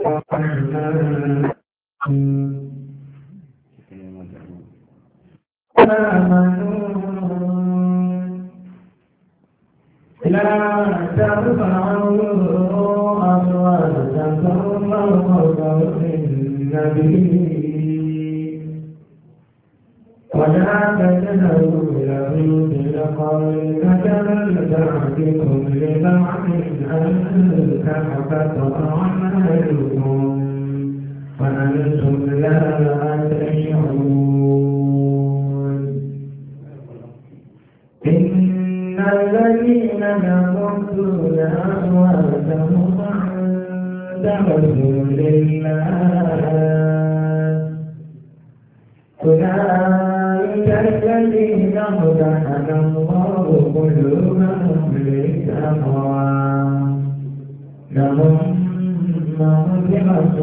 آمنوا لا ترفعوا أصواتكم فوق صوت النبي ولا تجهروا له بالقول كجهل بعضكم لبعض أن تحبط أعمالكم وأنتم لا تشعرون إن الذين يغضون أصواتهم عند رسول الله الذين هدى الله قلوبهم للتقوى لهم مغفرة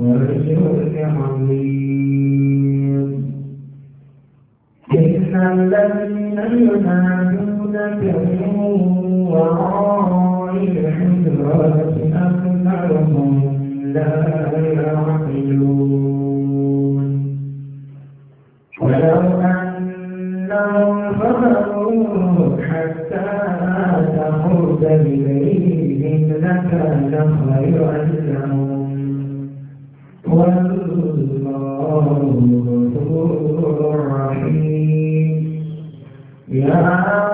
ورزق عظيم إن الذين ينادونك من وراء الحجرات أكثرهم لا يعلمون ولو أنهم فقروا حتى تخرج إليهم لكان خيرا لهم والله غفور رحيم يا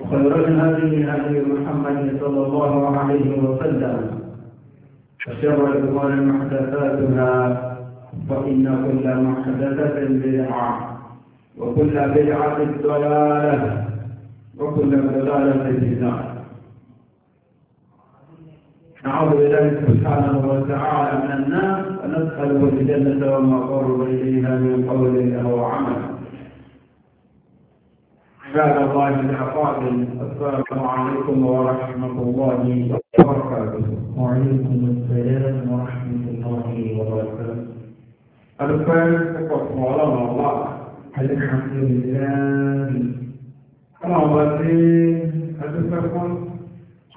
وخير الهدي هدي محمد صلى الله عليه وسلم وشر الامور محدثاتها فان كل محدثه بدعه وكل بدعه ضلاله وكل ضلاله في النار نعوذ بالله سبحانه وتعالى من النار وندخله الجنه وما قرب اليها من قول او عمل عباد الله الأفاضل السلام عليكم ورحمة الله وبركاته وعليكم السلام ورحمة الله وبركاته الفاتحة والسلام الله الحمد لله أنا أبدي أتفهم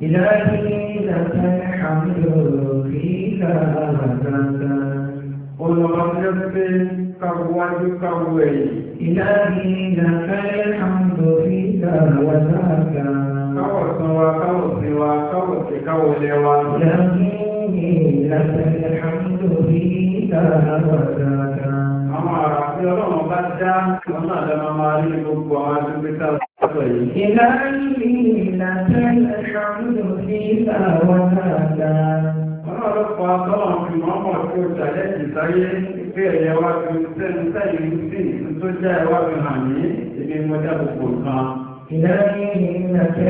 إلهي لك الحمد فيك أبدا قل ربك كويك كويك إلهي لك الحمد فيك وذاك كوس وكوس وكوس كول إلهي لك الحمد فيك وذاك Àwọn àràfí ọlọ́run bá dá ọ̀nà àdámá máa rí gbogbo àwọn àdúgbẹ́ta ọ̀pọ̀ yìí. Ìlànà ìlànà tẹ́lẹ̀ ṣàmúlò sí àwọn àdámá. náà ló pa tọ́lọ̀ fi wọ́n mọ̀ tí ó jàjẹ́ ìsáyé pé ẹ̀yẹ wá fi sẹ́nu sẹ́yìn ń tó jẹ́ ẹwà fi hàn ní ibi mo gbogbo nǹkan. Ìlànà ìrìnàjò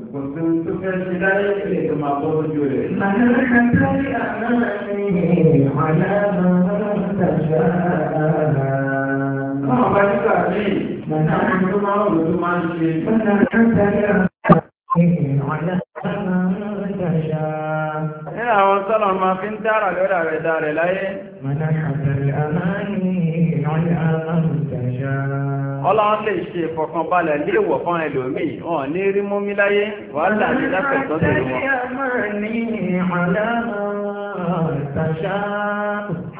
tó fẹ́ ṣe láyé ilé tó máa bọ́ lójú rẹ̀. Àwọn ọba nígbà míì, àwọn tó máa ń lò tó máa ń ṣe. Nínú àwọn sọ́nà máa fi ń dára lọ́dà rẹ̀ dára láyé. Mọ̀nà àbẹ̀rẹ̀ àmáyé ìrànlẹ́ àmáyé ìtẹ̀ṣára ọlọ́run lè ṣe ìfọ̀kànbalẹ̀ léèwọ̀ fún ẹlòmí wọn ní rí mú mi láyé wàhálà ní lápẹ̀tọ́ tẹ̀lé wọn.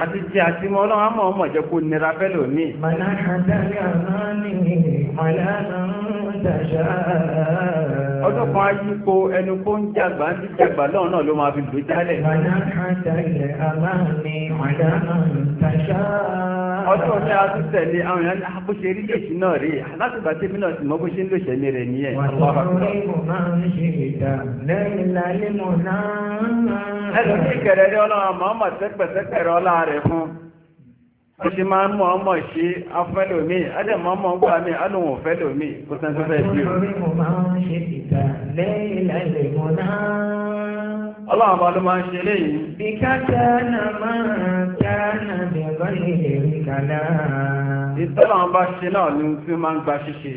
àti jẹ́ àti mọ́ ọlọ́run àmọ́ ọmọ jẹ́ kó nira fẹ́lò ní màlá ọdún kan ayípo ẹnu kó ń jàgbà ń jàgbà lọ́wọ́ náà ló máa fi lò jálẹ̀. ọdún ọ̀sẹ̀ àtúntẹ̀lé àwọn èèyàn ah, bó ṣe rí lèṣi náà rí láti gbà tí mínà sì mọ́ bó ṣe ń lò ṣẹ̀mí rẹ̀ nìyẹn. ẹlòmíì kẹrẹrẹ ọlọ́run mọ́ọ́mọ́ sẹ́pẹ̀sẹ́pẹ̀rẹ̀ ọlá rẹ̀ fún ó ṣe máa ń mọ̀ ọmọ ṣe afẹ́lòmí adẹ́mọ̀ ọmọ ọgbà mi alóhùn fẹ́lòmí kò tán tó fẹ́ ọlọ́run bá ló máa ń ṣe léyìn ìtọ́lọ́run bá ṣe náà ní tí ó máa ń gba ṣíṣe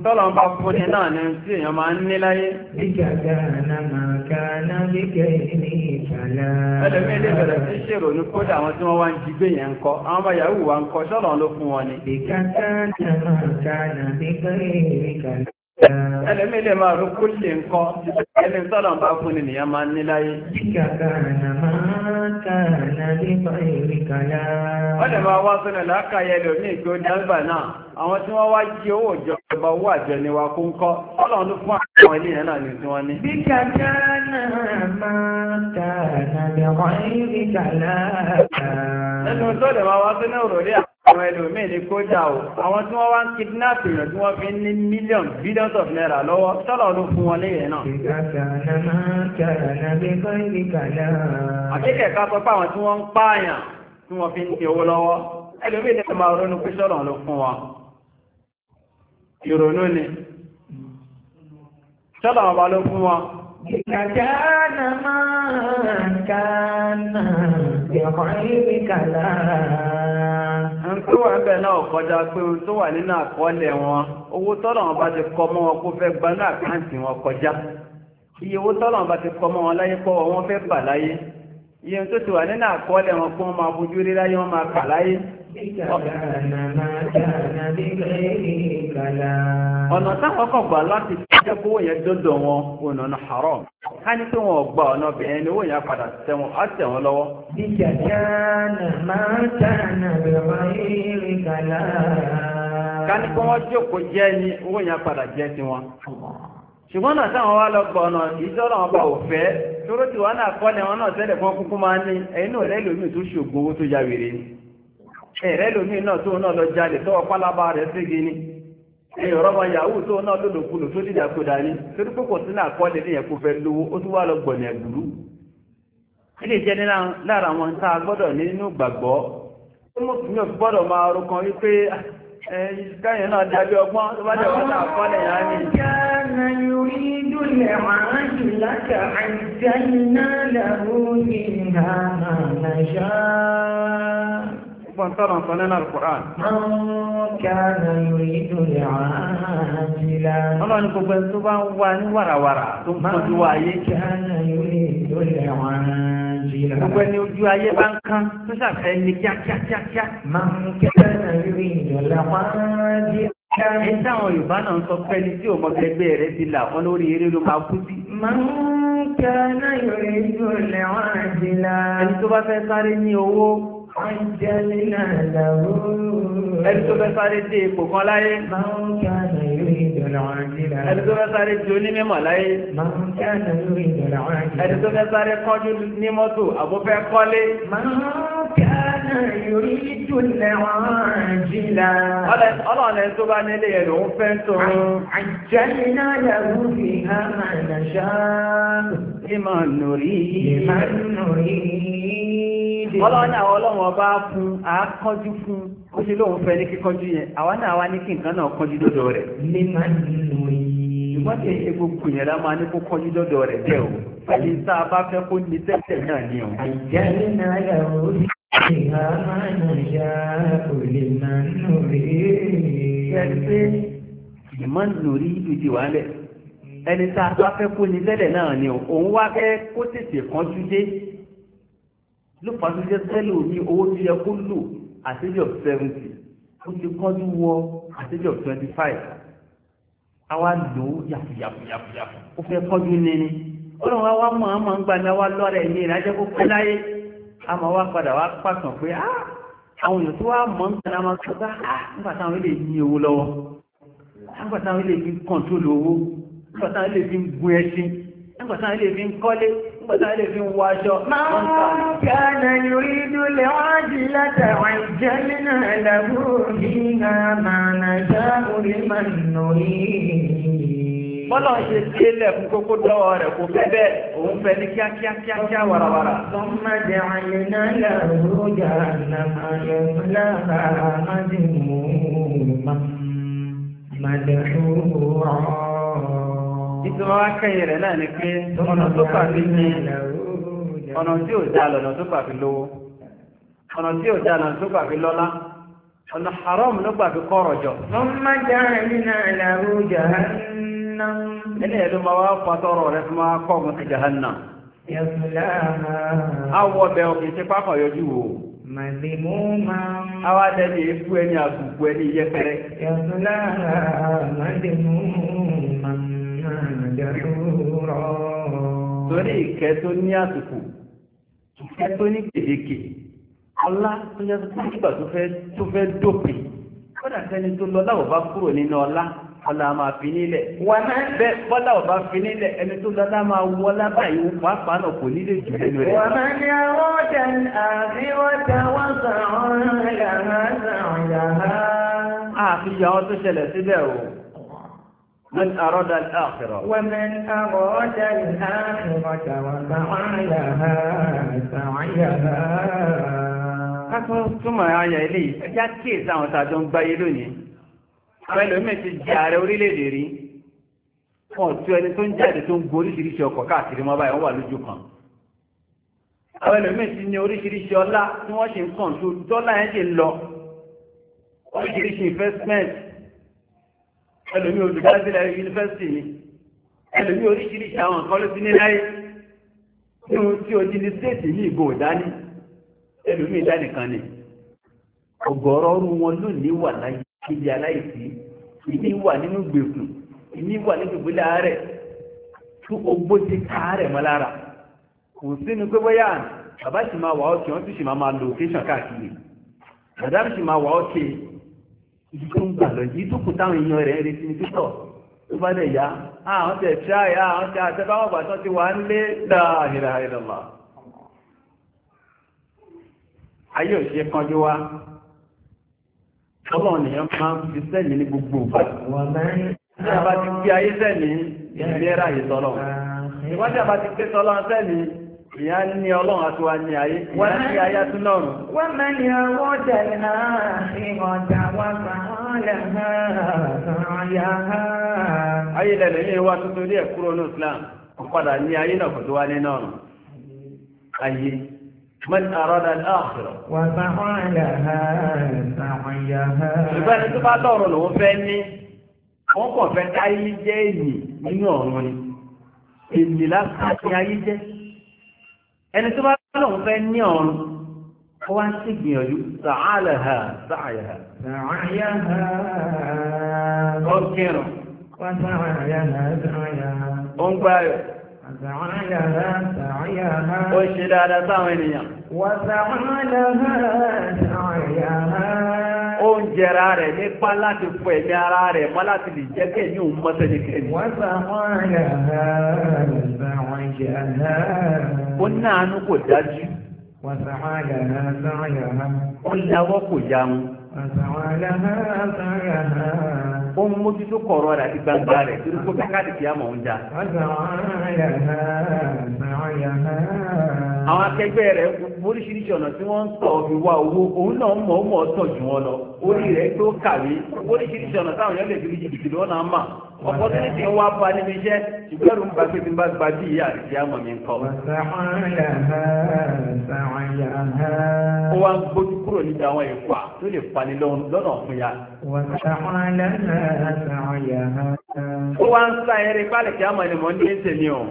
Ntọ́lọ̀ ń bá fún ní náà ni tí èèyàn máa ń ní láyé. Bí gàgà náà kàánà bí kẹ́ẹ̀ni ìfàlà. Ẹlẹ́mí ilé bẹ̀rẹ̀ sí ṣèrò ní kódà àwọn tí wọ́n wá ń jí gbé yẹn ń kọ́. Àwọn ọmọ yahoo wa ń kọ́ sọ́lọ̀ ló fún wọn ni. Bí gàgà náà kàánà bí kẹ́ẹ̀ni ìfàlà ẹlẹ́mí lè máa rú kó lè nǹkan ẹni sọ́dọ̀ bá fún ni nìyàn máa ní láyé. wọ́n lè máa wá sọ́nà lákàáyẹ lò ní ìgbó dáńgbà náà àwọn tí wọ́n wá jí owó ìjọba owó àjọ ni wa kó ń kọ́ ọlọ́run ló fún àwọn ilé yẹn náà ní tí wọ́n ní. bí kàkà máa wá sínú òròlé àwọn àwọn ẹlòmíì ní kó jà o àwọn tí wọ́n wá ń kidnap èèyàn tí wọ́n fi ń ní million billions of naira lọ́wọ́ sọ́lọ̀ ló fún wọn léyìn náà. àbíkẹ̀ ká sọ pé àwọn tí wọ́n ń pààyàn tí wọ́n fi ń ti owó lọ́wọ́ ẹlòmíì ní ọmọ ronú pé sọ́lọ̀ ló fún wọn. ìrònú ni sọ́lọ̀ ọba ló fún wọn. كان ما كان بغير كلام tó wà ń bẹ̀ náà kọjá pé ohun tó wà nínú àkọọ́lẹ̀ wọn owó tọ́lọ̀ wọn bá ti kọ mọ́ wọn kó fẹ́ gba ní àkáǹtì wọn kọjá iye owó tọ́lọ̀ wọn bá ti kọ mọ́ wọn láyé pọ̀ wọn fẹ́ bà láyé iye tó ti wà nínú àkọọ́lẹ̀ wọn kó wọn máa fojú rí láyé wọn máa kà láyé ọ̀nà táwọn kọ̀ gbà láti jẹ́ kó wòyẹn dọ́dọ̀ wọn ọ̀nà ọ̀nà haram ká ní tí gba ọ̀nà obìnrin ni wòyẹn padà tẹ̀wọ̀n á tẹ̀wọ̀n lọ́wọ́. ká ní kí wọ́n jókòó jẹ́ ni wòyẹn padà jẹ́ tiwọn ṣùgbọ́n náà táwọn wá lọ ọ̀nà ìjọ́rọ̀ ọba òfẹ́ tó na náà wọn náà tẹ́lẹ̀ fún kúkú máa ní ya wèrè ẹ̀rẹ́ lómi náà tó náà lọ jalè tọ́wọ́ pálábá rẹ̀ ségi ni ẹ̀yìn rọ́mọ yahoo tó náà lòlòkulò tó dìdàkudà ni torí pé kò sí náà kọ́ lè níyẹn o fẹ́ lówó ó tún wá lọ gbọ̀nà ẹ̀gbùrú ilé jẹ́ ní lára wọn tá a wípé ah, eh, náà dábí ọgbọ́n tó bá jẹ́ ni. fọ́ntọ́nà sọ nínú alkùnrán. ọlọ́ni gbogbo ẹni tó bá ń wá ní wàràwàrà tó ń kọjú ayé. gbogbo ẹni ojú ayé bá ń kán tó ṣàfẹ́ ní kíákíákíá. ẹ táwọn yorùbá náà ń sọ pé ní tí òmọgbẹgbẹ rẹ ti là wọn lórí eré ló máa kú sí. máa ń kí ọ náà yóò rí ìdúró lẹ́wọ̀n àjìlá. ẹni tó bá fẹ́ sáré ní owó Àjẹ́línà làwó. Ẹni tó fẹ́ sáré dé ipò kan láyé. Máúkànà yóò ìdọ̀là wọn jíra. Ẹni tó fẹ́ sáré di onímọ̀ láyé. Máúkànà yóò ìdọ̀là wọn jíra. Ẹni tó fẹ́ sáré kánjú ní mọ́tò àbúfẹ́ kọ́lé. Máúkànà yóò ìdọ̀là wọn jíra. Ọlọ́run ẹni tó bá nílé ẹ̀ lòún fẹ́ tọrọ. Àjẹ́línà làwó fi há màá nà ṣáà. Ìmọ̀ nùrí. Ìmọ̀ nùrí ọlọ́run àwọn ọlọ́run ọba fún àákọ́jú fún ó ṣe lóun fẹ́ ní kíkọ́jú yẹn àwa náà wá ní kí nǹkan náà kọ́jú dọ́dọ̀ rẹ̀. ṣùgbọ́n kì í ṣe gbogbo yẹn la máa ní kó kọ́jú dọ́dọ̀ rẹ̀ bẹ́ẹ̀ o pẹ̀lú tá a bá fẹ́ kó ní tẹ́tẹ̀ náà ni o. àjálù náà yà ó rí ìhà máa ń ya òlè máa ń nù rí. ìmọ̀ nù rí ìdí wa lẹ̀ ẹni tá a bá fẹ́ kó ní tẹ́tẹ̀ náà ni o òun wá fẹ́ kó tètè kánjú dé ló fà tó jẹ́ sẹ́lò ní owó tó yẹ kó lò of seventy ó ti kọ́jú wọ of twenty five àwa lò ó yàfùyàfùyàfù ó fẹ́ kọ́jú níní ọlọ́run wa wá mọ̀ ọ́n máa ń gbani wa lọ́rẹ̀ ní ìrìnàjò kó pẹ́ láyé a máa wá padà wá pàtàn pé àwọn èèyàn tó wá mọ̀ ń gbani máa sọ pé nígbà táwọn ilé yí owó lọ́wọ́ nígbà táwọn ilé fi ń kọ̀ńtólù owó nígbà táwọn ilé fi ń gun ẹṣin nígbà táwọn ilé fi ń kọ́lé متعلي في واشو من كان يريد العاجلة عجلنا له فيها ما نشاء لمن نريد Bọ́lá ṣe tí ilẹ̀ fún kókó dọ́wọ́ rẹ̀ kò fẹ́ bẹ́ẹ̀, òun fẹ́ ní kíákíákíá wàràwàrà. Ọmọdé àyè náà làrú jà nàmà yẹn lára àmàdé mú màdàrú rọ̀. Ìtura wá kẹ́yìn rẹ̀ náà ni pé ọ̀nà tó pàfi ní ọ̀nà tí ò dá lọ́nà tó pàfi lówó, ọ̀nà tí ò dá lọ́nà tó pàfi lọ́lá, ọ̀nà haram ló pàfi kọ́rọ̀ jọ. Wọ́n máa já nínú àlàrú jahannam. Ilé ẹ̀lú máa wá pàtọ́rọ̀ rẹ̀ fún máa kọ́ ọ̀gùn ti jahannam. Awọ bẹ ọkùnrin ti pápá yọjú wò. Màdìmú máa ń. Àwa dẹ́ni ikú ẹni àbùkù ẹni yẹpẹrẹ. Yàtúlá màdìmú máa ń. جحورا torí ìkẹ́ tó ní àsìkò ìkẹ́ tó ní gbèdéke ọlá tó yẹ kó nígbà tó fẹ́ tó fẹ́ dópin kódà sẹ́ni tó lọ láwọ̀ bá kúrò nínú ọlá ọlá máa fi nílẹ̀ wọ́n bẹ́ bọ́lá ọba fi nílẹ̀ ẹni tó lọ́lá máa wọ́ lábàáyé pàápàá náà kò nílé jù lẹ́nu rẹ̀. wọ́n máa ní ọwọ́ tẹ̀lé àbí wọ́n من أراد الآخرة ومن أراد الآخرة وسعى لها سعيها Akọ́ túnmọ̀ ayà ilé ẹjá kí ìsáwọn tàjọ ń gbáyé lónìí. Pẹ̀lú omi ti jẹ ààrẹ orílẹ̀-èdè rí. Wọ́n tó ẹni tó ń jáde tó ń gbọ́ oríṣiríṣi ọkọ̀ káàkiri mọ́ báyìí wọ́n wà lójú kan. Àwọn ẹlòmí ti ní oríṣiríṣi ọlá tí wọ́n ṣe ń kàn tó dọ́là yẹn lọ. Oríṣiríṣi investment ẹlòmí olùdásílẹ̀ yunifásitì ni ẹlòmí oríṣiríṣi àwọn nǹkan ló ti ní láyé tí ó tí ó di ní stéètì ní ìbò ìdání ẹlòmí ìdánìkan ni ọ̀gọ̀rọ̀ ọrùn wọn lónìí wà láyé ibi aláìsí ìní wà nínú gbèkùn ìní wà nínú ìgbélé ààrẹ tún ogbó ti ká ààrẹ mọ́ lára kò sínú pé bóyá bàbá sì máa wà ókè wọn tún sì máa máa lò kéṣàn káàkiri bàdá sì máa wà ókè ibi tó ń gbà lọ yìí táwọn èèyàn rẹ̀ ń retí ní títọ̀ tó bá dẹ̀ yá àwọn tẹ̀ tíráyà àwọn tẹ̀ àtẹ́báwọ̀ bàtọ́ ti wà ayé ò ṣe wá máa ń fi gbogbo a ìyá ní ọlọ́run àti wa ní ayé ìyá ní ayá tún lọ́rùn. wọ́n máa ní ọwọ́ tẹ̀lé náà ní ọjà wa fàálẹ̀ náà yá. ayé lẹ́lẹ̀ ní na tuntun ní ẹ̀kúrò ní Islam ọ̀padà ní ayé náà kò tó wá ní lọ́rùn. ayé من أراد الآخرة wọ́n ẹni tó bá lọ́wọ́ fẹ́ ní ọ̀run ó wá sí gbìyànjú sàálẹ̀ ha sàáyà ha sàáyà ha ó kírun wọ́n ó ń ṣe dáadáa sáwọn ènìyàn ó ń jẹra rẹ̀ nípa láti fọ ẹ̀mí ara rẹ̀ mọ́ láti lè jẹ́ kẹ́ ní òun mọ́ sẹ́ni kẹ́ni. wọ́n sọ àwọn ọ̀rẹ́ àwọn ìjẹ́ náà. ó náà nú kò dájú. wọ́n sọ àwọn ọ̀rẹ́ àwọn ìjẹ́ náà. ó láwọ́ kò jáun. ó ń mójútó kọ̀ọ̀rọ̀ rẹ̀ àti gbangba rẹ̀ torí kó bí káàdìkì àmọ̀ ń já. àwọn akẹgbẹ́ rẹ̀ oríṣiríṣi ọ̀nà tí wọ́n ń tọ̀ fi wá owó òun náà mọ̀ ọ́ mọ̀ ọ́ tọ̀ jù wọn lọ orí rẹ̀ tó kàwé oríṣiríṣi ọ̀nà táwọn yẹn lè fi jìbìtì lọ́nà máa. opportunity wa bá níbi iṣẹ́ ìgbẹ́rù ń bá pé tí ń bá gba bí ìyá àti ìyá mi kọ́. ó wá ń gbójú kúrò níbi àwọn ìfà tó lè pani lọ́nà fún ya. ó wá ń sá eré pálí kí á mọ̀ ni mò ń dé tèmi o.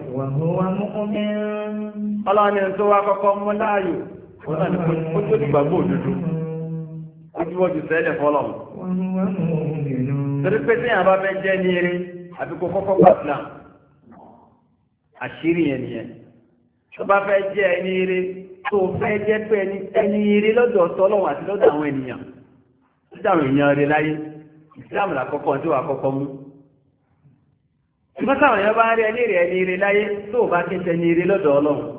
ọlọ́run ni tó wá kọ́kọ́ mú láàyò ó náà kó tó dìgbàgbọ́ òdodo. ó sẹ́lẹ̀ fọlọ́. wọ́n mú wọn mú òun nínú torí pé téèyàn bá fẹ́ jẹ́ ní eré àfi kó kọ́kọ́ gbà islam àṣírí yẹn nìyẹn tó bá fẹ́ jẹ́ ẹni eré tó fẹ́ jẹ́ pé ẹni eré lọ́dọ̀ tọ́lọ́wọ̀n àti lọ́dọ̀ àwọn ènìyàn lọ́dọ̀ àwọn èèyàn rẹ̀ láyé islam làkọ́kọ́ tí wàá kọ́kọ́ mú ṣùgbọ́n táwọn èèyàn bá ń rí ẹni rẹ̀ ẹni eré láyé tó bá kí ń tẹ ẹni eré lọ́dọ̀ ọlọ́run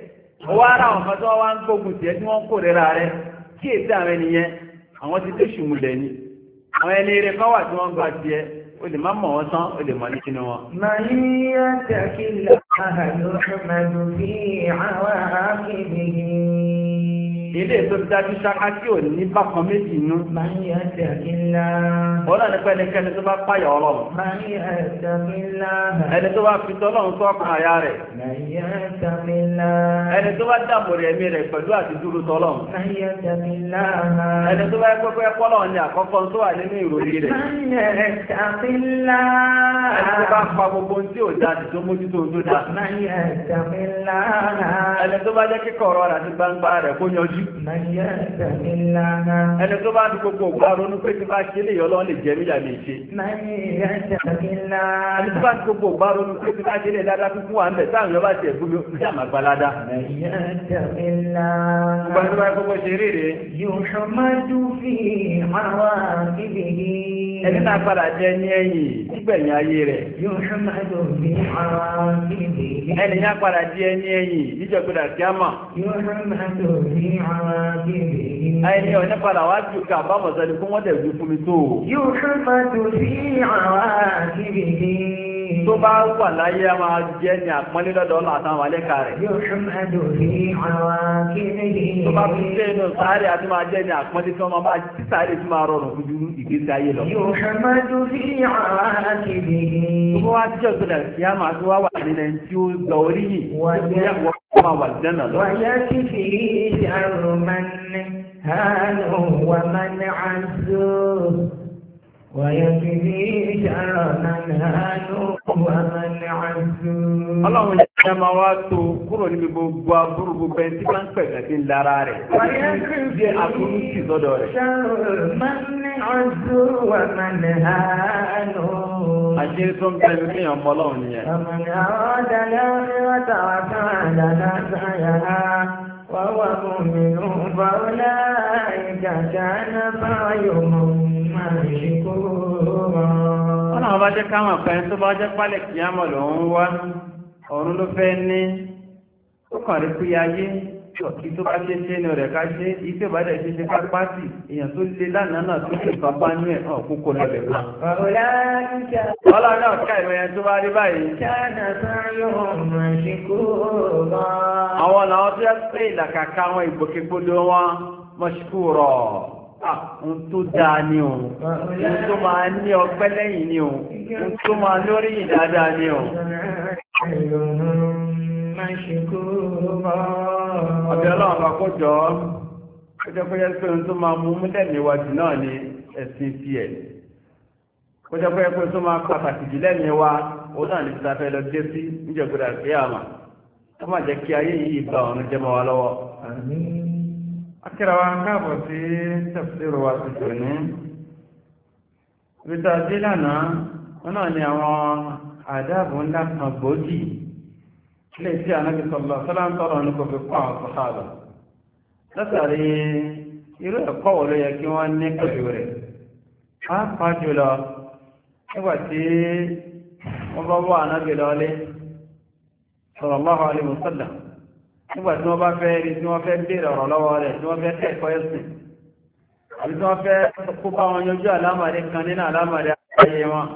wọ́n ara àwọn kan tó wá ń gbógun tiẹ̀ tí wọ́n kó rẹ́ra rẹ̀ kí èsì àwọn ènìyàn àwọn ti tó ṣùmùlẹ̀ ni àwọn ẹni eré kan tí wọ́n gba tiẹ̀ o lè má mọ̀ wọ́n tán o lè mọ̀ ní kíni wọn. màlíyà tàkìlà àhàlù ọ̀hún màdùn bíi àwọn àkìlì ilé tó ti dájú ṣáká tí ò ní bákan méjì inú. máa ń yà dàbílá. ọ̀rọ̀ nípa ẹnikẹ́ni tó bá pààyà ọlọ́run. máa ń yà dàbílá. ẹni tó bá fi tọ́lọ́run tó ọkàn àyà rẹ̀. máa ń yà dàbílá. ẹni tó bá dààmú rẹ̀ mí rẹ̀ pẹ̀lú àti dúró tọ́lọ́run. máa ń yà dàbílá. ẹni tó bá yẹ pẹ́pẹ́ kọ́lọ̀ ni àkọ́kọ́ tó wà nínú ìròyìn rẹ̀. máa ń yà dàbílá. ẹni ẹni tó bá ń gbogbo ògbàrò ní pé tí bá ṣe lè yọlọ́ lè jẹ́ níyà lè ṣe ẹni tó bá ń gbogbo ògbàrò ní pé tí bá ṣe lè dáadáa kúkú wà ń bẹ̀ táwọn yọba ṣe ẹ̀gbọ́n mi ní àmàgbà ládá. gbogbo ẹni tó bá ń gbogbo ṣe rere. yòòṣọmọdú fi àwa síbi yìí. ẹni náà padà jẹ ní ẹ̀yìn nígbẹ̀yìn ayé rẹ̀. yòòṣọmọdú fi àwa síbi yìí. ẹni náà padà ẹni ọ̀ní padà wá jù ká bá mọ̀sẹ́ni fún wọ́n dẹ̀ ju fún tó. yóò ṣe pàtó sí àwọn àkìrìkì tó bá wà láyé a máa jẹ́ ní àpọ́nlé lọ́dọ̀ ọ̀nà àtàwọn àlékà rẹ̀. tó bá tún jẹ́ inú sáré àti máa jẹ́ ní àpọ́nlé tí wọ́n máa tí sáré tí máa rọrùn fojú ìgbésí ayé lọ. tó bá jẹ́ òṣèlú àti àmà tó wá wà nílẹ̀ tí ó gbà orí yìí tó yẹ wọ́n máa wà lẹ́nà lọ. wàyà ti fi ìṣàrò máa hánú wà máa ń àzó. ويكفي شر من هانوا Ọlọ́run yìí ṣe máa wá tó kúrò níbi gbogbo aburú gbogbo tí máa ń pẹ̀lú àti lára rẹ̀. Ṣé aburú sì sọ́dọ̀ rẹ̀? Àṣírí tó ń pẹ̀lú ní ọmọ Ọlọ́run yẹn. وهو مؤمن فأولئك كان سعيهم مشكورا ọ̀nà ọba jẹ́ káwọn ọ̀pẹ́ tó bá jẹ́ pálẹ̀ kìí àmọ̀ lòun wá ọ̀run ló fẹ́ ní ó kàn rí kúyayé ìtò bá ṣe ṣe ní ọ̀rẹ̀ ká ṣe ìtò bá dẹ̀ ṣe ṣe ká pàtì èèyàn tó lé lánàá náà tó ṣe pápá ní ẹ̀ hàn kókó lọ́lẹ̀ lọ. ọlọ́run náà ká ìwé yẹn tó bá rí báyìí. àwọn làwọn tó yẹ pé ìlàkàkà àwọn ìgbòkègbodò wọn mọ̀ṣíkú rọ̀ ah, ohun tó dáa ni o ohun tó máa ní ọgbẹ́ lẹ́yìn ni o ohun tó máa lórí ìdáadáa ni o mashkura. Ọbẹ̀ ọlọ́run bá kó jọ ọ́, ó jẹ́ pé yẹ́sí ohun tó máa mú múlẹ̀ níwájú náà ni ẹ̀sìn ti ẹ̀. Ó jẹ́ pé ẹ̀kọ́ tó máa pàtàkì jù lẹ́yìn wa, ó náà ní títafẹ́ lọ dé sí níjọ̀gbọ́dà sí àmà. Ó máa jẹ́ kí ayé yìí bá ọ̀run jẹ́ mọ́ wa lọ́wọ́. Akẹ́rọ wa ń káàbọ̀ sí tafsir wa tuntun ní. Ibi tá ó náà ni àwọn àdáàbò ńlá kan gbòógì ilé tí ànábì sọ̀lọ̀ sọ́lám sọ̀rọ̀ ní kò fi kọ́ àwọn sọ̀hábà látàrí irú ẹ̀kọ́ wo ló yẹ kí wọ́n ní pẹ̀lú rẹ̀ pàápàá jùlọ nígbà tí wọ́n bá wà ànábì lọ́lé sọ̀rọ̀ alẹ́ mùsọ̀lá nígbà wọ́n bá fẹ́ rí tí wọ́n fẹ́ béèrè ọ̀rọ̀ lọ́wọ́ rẹ̀ tí wọ́n fẹ́ kẹ́kọ̀ọ́ ẹ̀sìn àbí tí wọ́n fẹ́ kó wọn yanjú àlámàdé kan nínú àlámàdé ayé wọn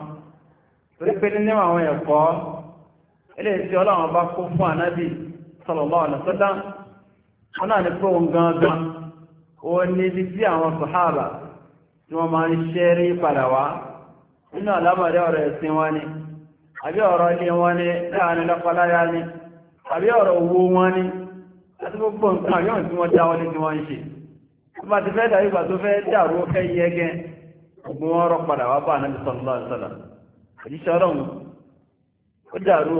torí pé nínú àwọn ẹ̀kọ́ eléyìí tí ọlọ́run bá kó fún ànábì sallallahu alaihi wasallam wọn náà ní pé òun gangan ó ní ibi tí àwọn sàhábà tí wọ́n máa ń ṣe rí padà wá nínú àlámọ̀dé ọ̀rọ̀ ẹ̀sìn wọn ni àbí ọ̀rọ̀ ilé wọn ni láàrin lọ́pọ̀láyá ni àbí ọ̀rọ̀ owó wọn ni àti gbogbo nǹkan yóò tí wọ́n dáwọ́ ní tí wọ́n ń ṣe tó bá ti fẹ́ dàrí ìgbà tó fẹ́ dàrú ọkẹ́ yẹgẹ́ ogun wọn padà wá bá ànábì sallallahu alaihi wasallam òjíṣẹ́ ọlọ́run ó dàrú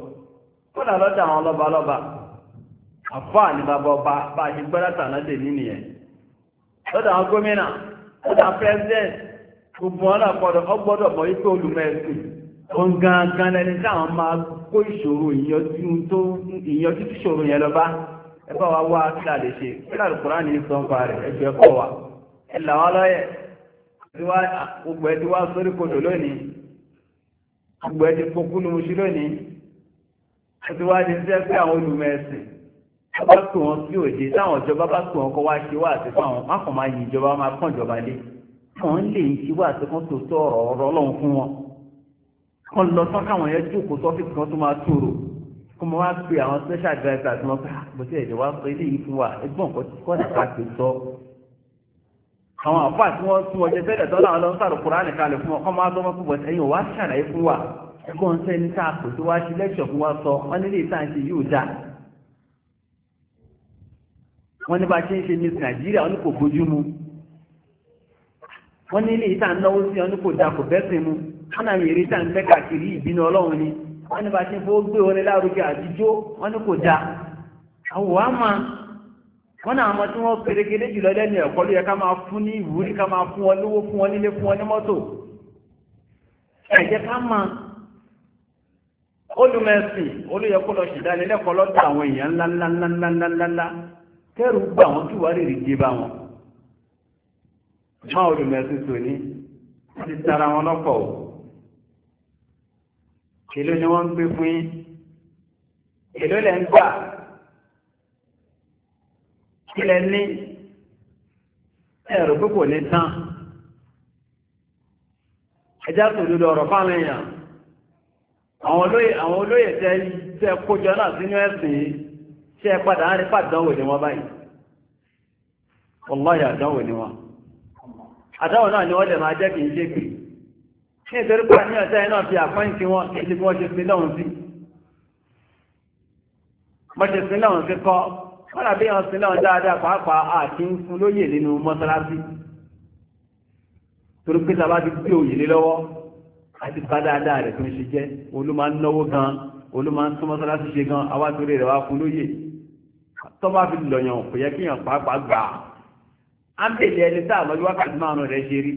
kódà lọ́dọ̀ àwọn ọlọ́ba lọ́ba àfáà ní bá a ṣe gbọ́dá tàná lè ní nìyẹn àwọn gómìnà lọ́dọ̀ àwọn gbogbo ọ̀nà ọ̀pọ̀dọ̀ ọgbọ́dọ̀ mọ̀ yí pé olùmọ̀ lẹni tí àwọn máa kó ìṣòro ìyanjú tó ṣòro yẹn lọ́ba ẹ bá wa wá kí la lè ṣe kí kúrò ní rẹ̀ wa ẹ ó ti wá di ń jẹ́ pé àwọn olùmẹ̀sìn bá tó wọn sí òde táwọn ìjọba bá tó wọn kọ́ wá ṣe wá àti fún àwọn mákàn máa yin ìjọba máa kàn ìjọba lé kàn lè ń ṣe wá àti kan tó tọ ọ̀rọ̀ ọ̀rọ̀ ọlọ́run fún wọn kàn lọ tán káwọn yẹn jókòó sọ́fíìsì kan tó máa tòrò kó mo wá pe àwọn special advisers wọn pé àgbọ̀tí ah, ẹ̀jẹ̀ wá sọ eléyìí fún wa ẹgbọ́n kan ti kọ́ nípa ti sọ àwọn àfáà tí wọ́n tún ọjọ́ tẹ́lẹ̀ tọ́lá àwọn lọ́sàrò kúránì kalẹ̀ fún ọkọ̀ máa tọ́ wọn fún bọ̀tẹ́yìn wá ṣàlàyé fún wa ẹ̀gbọ́n sẹ́ni tá a kò tó wá sí lẹ́kṣọ̀ fún wa sọ wọ́n nílé ìta ṣe yóò dáa wọ́n ní bá ṣe ń ṣe ní nàìjíríà wọ́n ní kò bójú mu wọ́n nílé ìta náwó sí wọ́n ní kò dáa kò bẹ́sìn mu wọ́n náà yẹ̀rẹ́ ìta ń bẹ́ káàkiri ìbínú ọlọ́run ni wọ́n ní bá ṣe fó gbé orin lárugẹ àtijọ́ wọ́n ní kò dáa àwọ̀ á máa wọ́n náà mọ̀ tí wọ́n pèrèkèrè jùlọ lẹ́nu ẹ̀kọ́ ló yẹ ká máa fún ní ìwúrí ká máa fún wọn lówó fún wọn nílé fún wọn ní mọ́tò ẹ̀jẹ̀ ká máa olùmẹ̀sìn olùyẹ̀kọ́ lọ ṣìdánilẹ́kọ́ lọ́dọ̀ àwọn èèyàn ńláńláńláńláńlá kẹrù gbà wọn kí wàá rèrè dé bá wọn máa olùmẹ̀sìn tòní ti tara wọn lọ́pọ̀ o èló ni wọ́n ń gbé fún yín èló lẹ̀ ń gbà kílẹ̀ ní ẹ̀rọ pé kò ní tán ẹjá tòlú lọ́rọ̀ fáwọn èèyàn àwọn olóyè àwọn olóyè tẹ tẹ kójọ náà sínú ẹsìn tí ẹ padà á rí pàdánwò ni wọn báyìí ọlọ́yà àdánwò ni wọn àdánwò náà ni wọ́n lè máa jẹ́ kì í ṣe pé ní ìtorí pa ní ọ̀sẹ̀ náà fi àpọ́ǹtì wọn èyí bí wọ́n ṣe sin lọ́hùn sí wọ́n ṣe sin lọ́hùn sí kọ́ wọ́n làbí wọn sin lọ́hùn dáadáa pàápàá àti ń fún lóyè nínú mọ́sálásí torí pé tàbá ti gbé òyìnlélọ́wọ́ àti bá dáadáa rẹ̀ tó ń ṣe jẹ́ olúmọ ń náwó gan olúmọ ń súnmọ́ sọ́lá ti ṣe gan awátorí rẹ̀ wá fún lóye tó bá fi lọ̀yàn kò yẹ kíyàn pàápàá gbà á ń bèèrè ẹni tá àmọ́jú wákàtí márùn rẹ̀ ṣe rí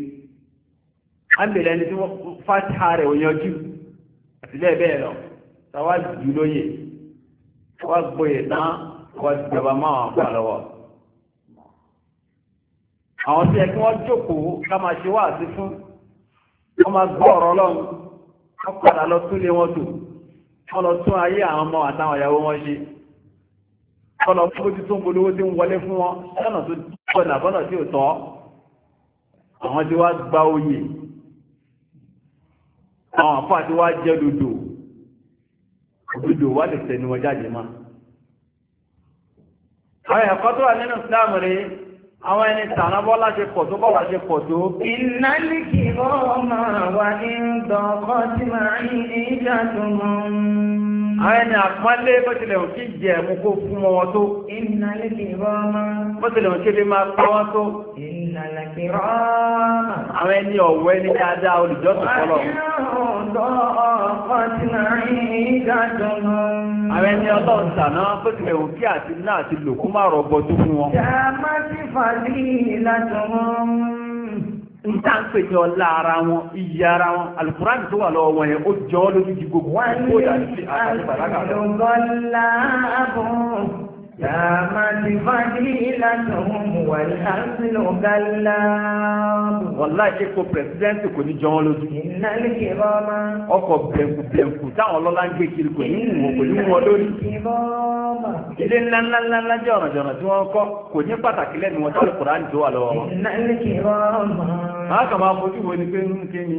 á ẹni tí wọ́n fàtà rẹ̀ ò yanjú àti bẹ́ẹ̀ bẹ́ẹ̀ lọ táwa jù lóye táwa gboyè tán wá jọba máa wà lọ́wọ́ àwọn tí ẹ kí wọ́n jókòó ká máa ṣe wáàsí fún wọ́n máa gbọ́ ọ̀rọ̀ ọlọ́run wọ́n padà lọ tún lé wọn tò wọ́n lọ tún ayé àwọn ọmọ àtàwọn ìyàwó wọn ṣe wọ́n lọ fún ojú tó ń polówó tí ń wọlé fún wọn lọ́nà tó gbọ́nà bọ́nà tí ò tọ́ àwọn tí wá gba oyè àwọn àfáà tí wá jẹ́ dodo òdodo wá lè tẹnu wọn jáde mọ́ àwọn ẹ̀kọ́ tó wà nínú Islam rèé àwọn ẹni tàná bọ́lá ṣe pọ̀ tó bọ́lá ṣe pọ̀ tó. iná ní kí wọ́n máa wà ní dọ̀kọ́ tí máa ń ní ìjà tó mọ́. àwọn ẹni àpọ́nlé bó tilẹ̀ ò kí jẹ́ mú kó fún wọn tó. iná ní kí wọ́n máa. bó tilẹ̀ ò kí lè máa pa wọn tó. Àwọn ẹni ọ̀wọ́ ẹni dáadáa olùjọ́sìn fọ́lọ̀. Àwọn ẹni ọlọ́run tàná tó ti mẹ̀wò kí àti náà ti lò kú máa rọ̀gbọ́ tó fún wọn. Jàmá ti fàlí látọ̀run. Ń tá ní ọlá ara wọn, iyì ara wọn, al tó wà lọ́wọ́ wọn yẹn, ó jọ ọ́ lójú ju gbogbo. Wọ́n ní àlùkò láàbùn. Tàmàlì Fadílá tòun wà láàrin ọ̀gálá. Wọ́lá ṣe kó pẹ̀sidẹ́ntì kò ní jọ wọn lójú. Ìnáli kìrọ́ máa. Ọkọ̀ bẹ̀ǹkù bẹ̀ǹkù táwọn ọlọ́lá ń gbé kiri kò ní wọ̀ kò ní wọ lórí. Ilé ńlá ńlá ńlá ńlá jẹ́ ọ̀nà jọ̀nà tí wọ́n kọ́ kò ní pàtàkì lẹ́nu wọn tí ni.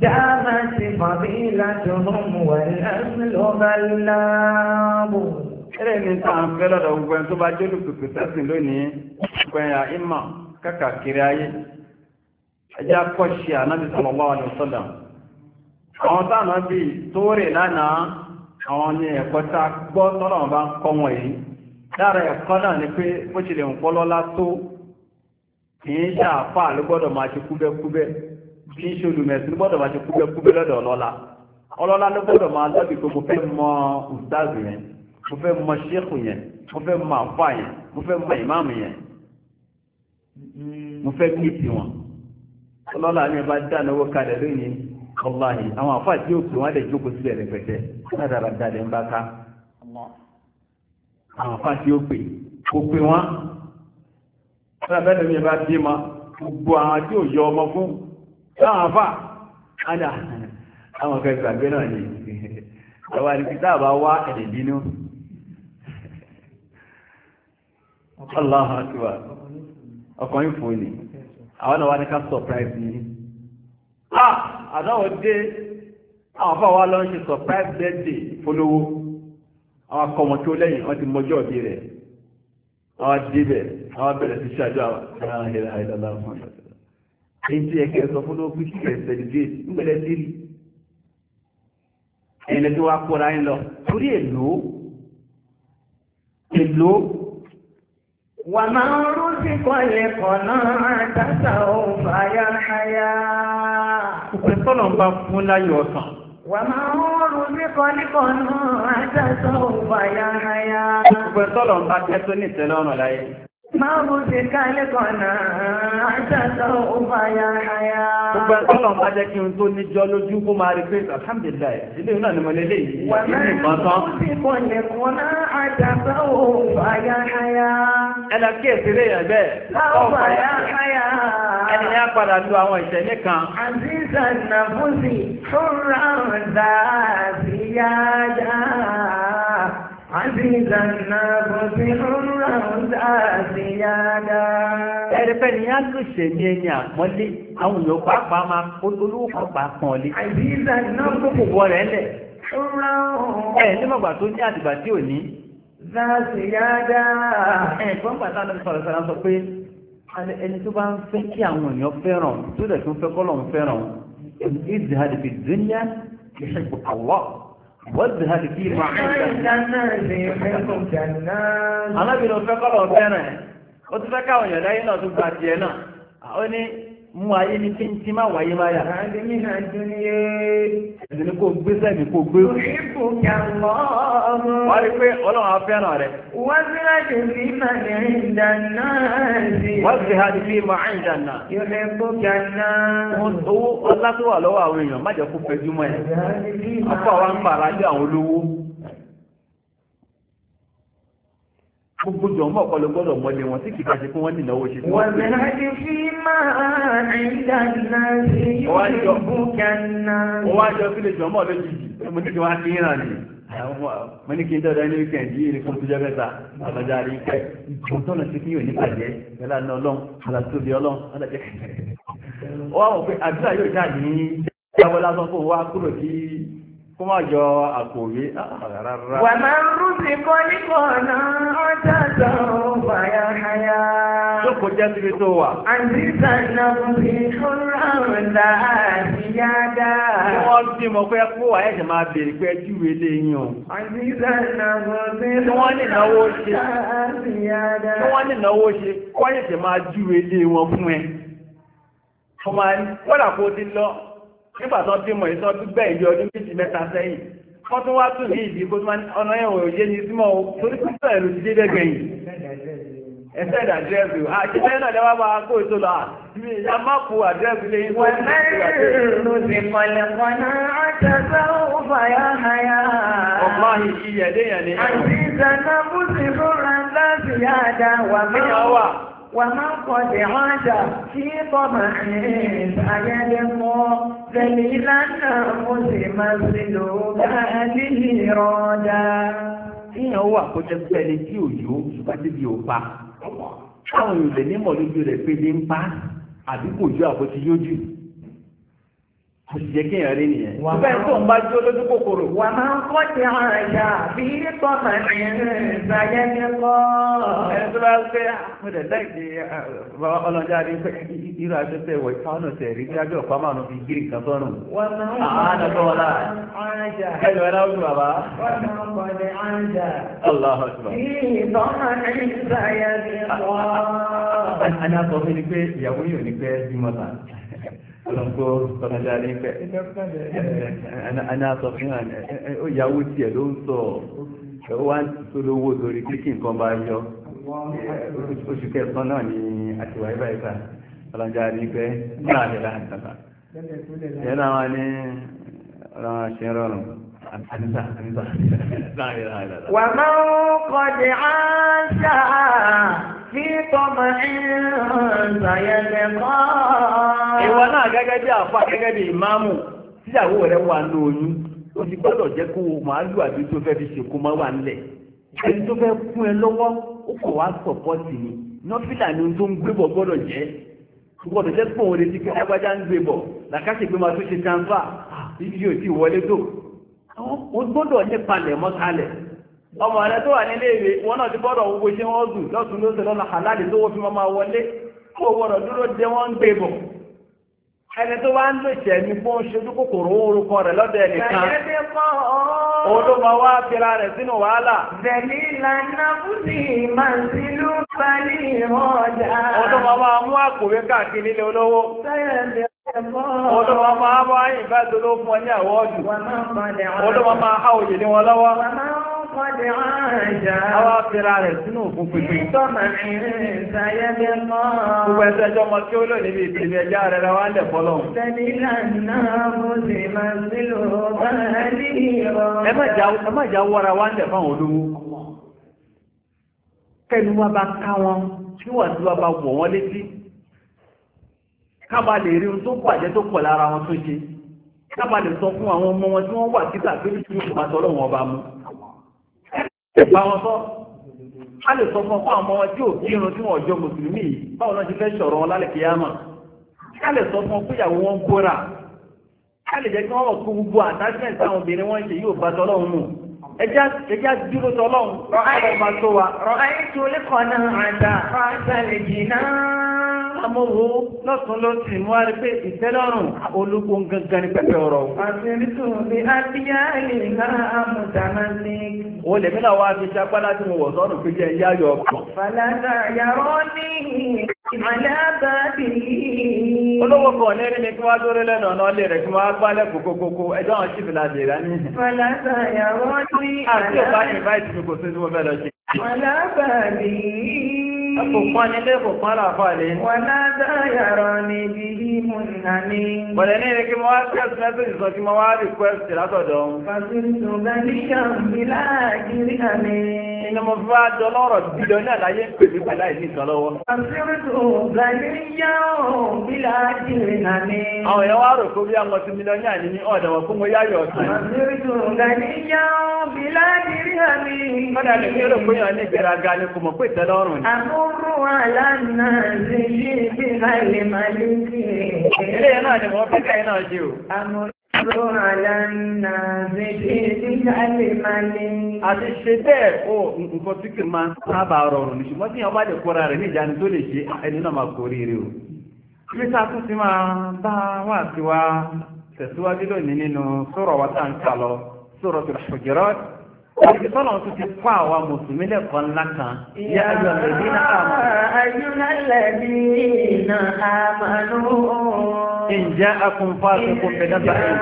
دامت ma والأهل بلاب ẹ̀rẹ́ ní tàà ń fẹ́ gbogbo ẹni tó bá jẹ́ olùpùpù sẹ́sìn lónìí gbẹ̀yà ìmọ̀ kákàkiri ayé ẹjá ànábì àwọn bí tóórè lánàá àwọn ẹ̀kọ́ a gbọ́ tọ́lọ̀ bá ń kọ́ wọn yìí ẹ̀kọ́ náà ni pé lè ń tó kì í ṣàfà ló gbọ́dọ̀ máa ṣe kúbẹ́kúbẹ́ kí n ṣe olùmẹ̀sìn gbọ́dọ̀ máa ṣe kúbẹ́kúbẹ́ lọ́dọ̀ ọlọ́lá ọlọ́lá ló gbọ́dọ̀ máa lọ́bì pé mo fẹ́ mọ ustazu yẹn mo fẹ́ mọ ṣéèkù yẹn mo fẹ́ mọ àǹfà yẹn mo fẹ́ mọ ìmáàmù yẹn mo fẹ́ kíìtì wọn ọlọ́lá mi bá dáná owó kalẹ̀ lónìí ọláhì àwọn àǹfà tí ó pè wọ́n lè jókòó sílẹ̀ rẹpẹtẹ ládàrá dalẹ̀ ń bá ká àwọn àǹfà tí ó pè kò pè wọ́n ọlọ́lá bẹ́ẹ̀ lómi bá bímọ gbogbo àwọn tí ò yọ ọmọ fún táwọn afá ádà àwọn kan gbàgbé náà ni àwọn àdìsítà bá wá ẹ̀dẹ̀ dínú Allahu Akbar ọkàn ìfò ni àwọn náà wá surprise ní ah àdáwọ̀ dé àwọn afá wa lọ surprise birthday fólówó àwọn akọmọ tó lẹ́yìn wọ́n ti mọjọ́ òbí rẹ̀ àwọn débẹ̀ àwọn bẹ̀rẹ̀ sí ṣáájú àwọn ará èyí tí ẹ̀kẹ́ sọ fún ló pín kẹ̀ sẹ̀dìgéèt ńgbẹ̀lẹ̀ sírí ẹ̀yìn tí wàá kóra yín lọ torí èlò èlò. wà máa ń rú sí kọ́lẹ̀ kan náà dáta òun fàyà háyà. òpin tọ́nà ń bá fún láyé ọ̀sán. wà máa ń rú sí kọ́lẹ̀ kan náà dáta òun fàyà háyà. òpin tọ́nà ń bá kẹ́tọ́ ní ìtẹ́lọ́rùn láyé. Gbogbo ọlọ́run bá jẹ́ kí n tó níjọ́ lójú kó máa rí pé alhamdulillah ilé náà ni mo lè lè yìí ní ìbọn tán. Ẹnà kí èsì lè yàn bẹ́ẹ̀. Ẹni yá padà lu àwọn ìṣẹ̀lẹ̀ kan. Àzíza Nàfúsì, Fúnra Ọ̀dà Àbíyájá. Àzíza náà bọ̀ sí ọ̀rọ̀ àzíyáda. Ẹ̀rẹ̀fẹ́ ni a kò ṣe ní ẹni àpọ́nlé, àwọn èèyàn pàápàá máa olówó pàápàá pọ̀nlé. Àzíza náà kò kò wọ rẹ̀ lẹ̀. Ẹ̀ ní mọ̀gbà tó ní àtìgbà tí ò ní. Zàzíyáda. Ẹ̀ gbọ́n pàtàkì àdàbí sọ̀rọ̀ sọ̀rọ̀ sọ pé ẹni tó bá ń fẹ́ kí àwọn èèyàn fẹ́ràn tó dẹ̀ tó ń fẹ́ kọ́lọ̀ ń fẹ́ràn. Ìzìhàdì fi dúnyá ìṣẹ́gbọ̀ àwọ̀. واذهب في معبودك أنا بنوفق الله بينا وتفكر يا دينا تبعت ينا أوني mú ayé ní fíntí máa wáyé máa yà. Àdínníhà dúnyé. Ẹ̀dùn kò gbé sẹ́mi kò gbé. Òṣìkò kí a Wọ́n rí pé ọlọ́run rẹ̀. Wọ́n náà sí. Wọ́n náà. Yọ̀lẹ̀ kó a náà. Owó ọlá tó wà lọ́wọ́ àwọn èèyàn má jẹ́ kó mọ́ ẹ̀. ń gbogbo jọ mọ́ ọ̀pọ̀lọ gbọ́dọ̀ mọ́lé wọn tí kìí káṣe fún wọn nìnáwó ṣe tí wọ́n fi máa ẹ̀dà náà sí yóò bùkánná. wọ́n wá jọ sílé jọ mọ́ lójijì mo ní kí wọ́n á ti ràn ní. mo ní kí n tọ́jú ẹni wíkẹ̀ndì yìí ní fún tójọ́ mẹ́ta àbájá rí kẹ́ ìjọ tọ́nà sí kí yóò ní pàdé yálà ní ọlọ́run alàtúbi ọlọ́run alàjẹ́ wọ́n wọ́n pé àdúrà yóò kó má jọ àkòwé ah, rárá. wà máa ń rúbì kọ́ nípa ọ̀nà ọjà tó bàyà háyà. lóko jẹ́ síbi tó wà. àǹtísà náà fi fúnra ọ̀la àbíyá dá. bí wọ́n bí mo fẹ́ kó wà ẹ̀sẹ̀ máa béèrè pé ẹjú ìwé lé yín o. àǹtísà náà fi fúnra ọ̀la àbíyá dá. tí wọ́n ní ìnáwó ṣe kọ́ ẹ̀sẹ̀ máa jú ìwé lé wọn fún ẹ. wọ́n máa ń kọ́dà kó dín lọ nígbà tó ti mọ̀ ìsọ́ gbígbẹ́ ìlú ọdún méjì mẹ́ta sẹ́yìn wọ́n tún wá tún ní ìdí kó ọ̀nà ẹ̀wọ̀n òye ní símọ̀ torí pé bẹ́ẹ̀ ti dé dẹ́gbẹ̀yìn ẹsẹ̀ àdírẹ́sì o ah, náà lẹ́wọ́ ah, máa kó ètò lọ a máa lé ìwọ̀n ẹ̀sẹ̀ àdírẹ́sì. ومن قد عاد في طمعه فيلقى ذليلا مسلم سلوكاته رادا ìyẹn ó wà kó jẹ́ pẹ́lẹ́ tí òjò ṣùgbọ́n tí bí ó pa táwọn èèyàn lè ní mọ̀ lójú rẹ̀ pé lè ń pa àbí kò jó àbótí yójú jẹ́ kí èèyàn rí nìyẹn. wà á bẹ́ẹ̀ tó ń bá jó lójú kòkòrò. wà máa ń kọ́ ti hàn ẹ̀yà bí tọ́nà ìrìnàjẹ́ ní kọ́. ẹni tó bá fẹ́ mo lè láìsí bàbá ọlọ́jà rí pé irú aṣọ tẹ wọ ìfá ọ̀nà tẹ̀ rí bí abẹ́ ọ̀pá máa ń fi gírí nǹkan sọ́run. wà máa ń kọ́ ti hàn ẹ̀yà. ẹ jọ̀wọ́ náà wọ́n bàbá. wà máa ń kọ́ ti hàn ẹ̀yà. Allahu Akbar. bí tọ́nà ìrìnàjẹ́ ní kọ́ ọlọ́nkọ́ ọ̀nàdàrí pẹ́ anáàtọ̀fíhàn ó yàwó tí ẹ̀ ló ń sọ ó wá ń tó lówó lórí kíkì nǹkan bá yọ oṣù kẹsàn náà ni àtiwá ibà ibà ọlọ́njàrí pẹ́ náà lè ra àtàlà yẹn náà ní ọlọ́run àṣẹ rọrùn àtàlà àtàlà láàrin ra àtàlà. wàmọ́ kọ̀dé á ń ṣáà. fi tọ́mọ̀ ṣàyẹ̀lẹ̀kọ́. ìwọ náà gẹ́gẹ́ bí àfa gẹ́gẹ́ bí ìmáàmù tíyàwó rẹ̀ wà ní oyún a ti gbọ́dọ̀ jẹ́ kó màálù àbí tó fẹ́ fi ṣèkó máa wà nílẹ̀ ẹni tó fẹ́ fún ẹ lọ́wọ́ ó kọ̀ wá sọ̀pọ́tì ni nọ́fìlà ni tó ń gbé gbọ́dọ̀ jẹ́ gbọ́dọ̀ jẹ́ pọ̀ òun létí kẹ́lágbájá ń gbé làkàṣì pé máa ah, tó ṣe ọmọ rẹ tó wà nílé ìwé wọn náà ti bọ́dọ̀ owó ṣe wọ́n zù lọ́tún lóṣè lọ́nà àláàdì tó wọ́n fi máa wọlé kó gbọ́dọ̀ dúró dé wọ́n ń gbé bọ̀ ẹni tó wá ń lò ṣẹ̀ ní fún ṣojú kòkòrò orúkọ rẹ̀ lọ́dọ̀ ẹnìkan òun ló máa wá fira rẹ̀ sínú wàhálà. bẹ̀lí lànà fúnni màsílù balẹ̀ ọjà. òun ló máa mú àkòwé káàkiri ilé olówó. Olúwa máa wá ìbẹ́dò ló ọ ní àwọ́dù. Olúwa máa há wọn lọ́wọ́. Àwọn afẹ́ra rẹ̀ sínú Gbogbo ẹsẹ̀ ẹjọ́ ọmọ tí ó lò níbi rẹ̀ rẹ̀ wá ń lẹ̀ fọ́lọ̀. Ẹ má jà wọ́ra wá ń lẹ̀ fáwọn olówó. Kẹ́nu bá ká wọn, kába lè rí ohun tó kọ àjẹ́ tó pọ̀ lára wọn tó ṣe kába lè sọ fún àwọn ọmọ wọn tí wọ́n wà títà pé kí wọ́n máa tọ́lọ́ wọn bá mú. ẹ̀bá wọn sọ a lè sọ fún àwọn ọmọ wọn tí ò kí irun tí wọn ọjọ́ mùsùlùmí báwo náà ti fẹ́ sọ̀rọ̀ wọn lálẹ́ kíyámà a lè sọ fún péyàwó wọn kóra a lè jẹ́ kí wọ́n kó gbogbo attachment táwọn obìnrin wọn ṣe yóò bá tọ́lọ́run nù ẹjá dúró tọ́lọ́run ọ̀rọ̀ máa tó wa. rọ̀háyé tó lè kọ́ náà àdá fásitì jìnnà. amóhù lọ́sùn ló ti mú àrí pé ìtẹ́lọ́rùn ológun gangan ní pẹ̀pẹ́ ọ̀rọ̀. àfẹ́rìtò bí abíyá lè ná àmùtàmá ní. o lè mí náà wá fi sapá láti wọ̀ sọ́run pé jẹ́ yáyọ̀ ọkọ̀. fàlàdà yàrá ní ìmọ̀lẹ́ àbábí olówó kan ní ẹni kí wọ́n dúró lẹ́nu ọ̀nà ọlẹ́ rẹ̀ kí wọ́n gbálẹ̀ kókókókó ẹjọ́ àwọn chief la dè rání. ní àná àti òbá invite mi kò sí ní mo fẹ́ lọ Kò pọ́n ní ilé kò pọ́n rà fà lé. Wọ́lá dáyàrá ni bí i mú nàní. Bọ̀dẹ̀ ní ilé kí mo wá text message sọ kí mo wá request látọ̀dọ̀. Fàtúntò bá iná mo bá dọlọ́rọ̀ bílọ̀ náà láyé ń pè mí pẹ̀lú àìní ìkan lọ́wọ́. àwọn èèyàn wá rò kó bí àwọn ti mílọ̀ ní àní ní ọ̀dọ̀ wọn fún mo yáyọ̀ ọ̀sán. kọ́dà ní kí ló gbóyàn ní ìgbéraga ni kò mọ̀ pé ìtẹ́lọ́rùn ni. àmúrú àlànà lè yí ìgbéra ìlè màlúù kiri. ilé náà ni mo fẹ́ kẹ́yìn náà ṣe àtúrà lánà àti ṣe bẹ́ẹ̀ ó nǹkan tí kì máa sábà rọrùn ní ṣùgbọ́n tí ọba lè kóra rẹ̀ ní ìjánu tó lè ṣe ẹni náà máa kórí rí o kírísà tún ti máa bá wà sí wa tẹ̀síwájú lónìí nínú sura wa tá à ń kà lọ suratul Hujurat Àti sọ́nà tún ti kọ́ àwa Mùsùlùmí lẹ́kọ̀ọ́ ńlá kan. Yá ayọ̀ lẹ́bí náà àmọ́. Ayúlá lẹ́bí náà àmàlú. Ǹjẹ́ akùnfà ti kò fẹ́ dábà yìí?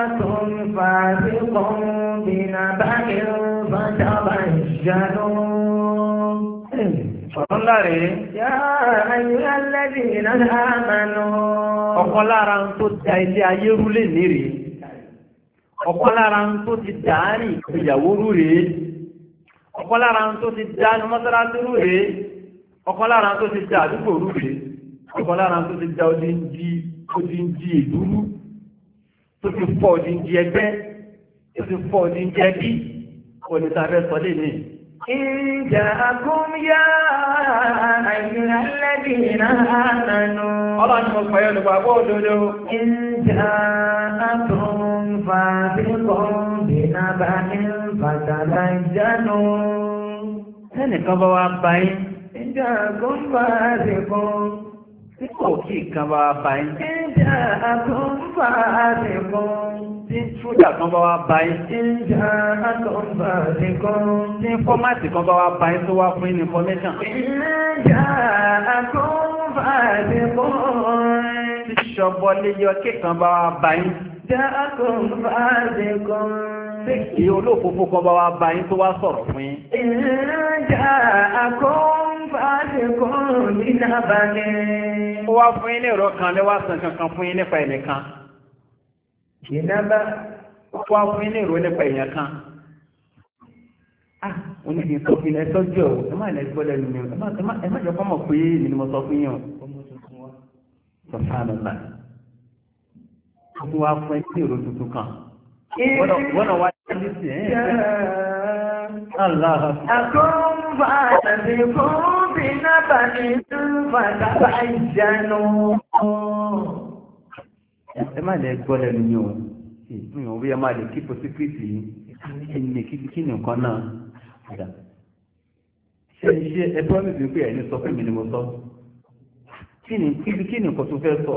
Akùnfà ti kò bí nàbà yóò bá dábà ìjánú. Ọ̀rọ̀ ńlá rèé. Yá ayúlá lẹ́bí náà àmàlú. Ọ̀kan lára ń tó da ilé ayé rúlé nírèé ọ̀pọ̀ lára ń tó ti dáárì ìyàwó rúre ọ̀pọ̀ lára ń tó ti dáánú mọ́sálásí rúre ọ̀pọ̀ lára ń tó ti dá àdúgbò rúre ọ̀pọ̀ lára ń tó ti dá odindi ìlú rú tó ti fọ́ odindi ẹgbẹ́ tó ti fọ́ odindi ẹbí onítàfẹ́ sọ́lé nìyí. إن جاءكم يا أيها الذين آمنوا الله أنه الخيال وأبوده إن جاءكم فاسق بنبأ فتبينوا ẹnìkan bá wá báyìí. ìjà gọ́mbà rẹ̀ gan tí kò kí kan bá báyìí. Ìjà àtúnfà àdìgún. Tí ṣúgà kan bá wá báyìí. Ìjà àtúnfà àdìgún. Tí fọ́mátì kan bá wá báyìí tó wá fún information. Ìjà àtúnfà àdìgún. Tí ṣọ̀bọ léyọ kí kan bá wá báyìí. Ìjà àtúnfà àdìgún. Tí olóòfófó kan bá wá báyìí tó wá sọ̀rọ̀ fún yín. Ìjà àkọ́ fàájẹ̀kùn nínú abalẹ̀. Ó wá fún yín ní kan lẹ́wà sàn kankan fún yín nípa ẹnìkan. Ìnábà. Ó wá fún yín ní ìró èèyàn kan. Ah, òní kì í sọ fún ẹ sọ́jú lẹ́gbọ́ lẹ́nu mi, ẹ má jọ kọ́ mọ̀ pé èmi ni mo sọ fún yín o. Sọ̀tánù náà. Ó wá fún ẹ ní tuntun kan. Wọ́n wá ní ẹ̀. Allah. Àkóńbà àtàbí fún bínàbà ní ìfàdà ìjánu. ẹ má lè gbọ́ lẹ́nu yìí o mi ò bí ẹ má lè kíkọ síkírìtì yìí ẹni kí ni nǹkan náà padà. ṣé ṣé ẹ promise mi pé ẹni sọ fún mi ni mo sọ kí ni kí ni nǹkan tó fẹ́ sọ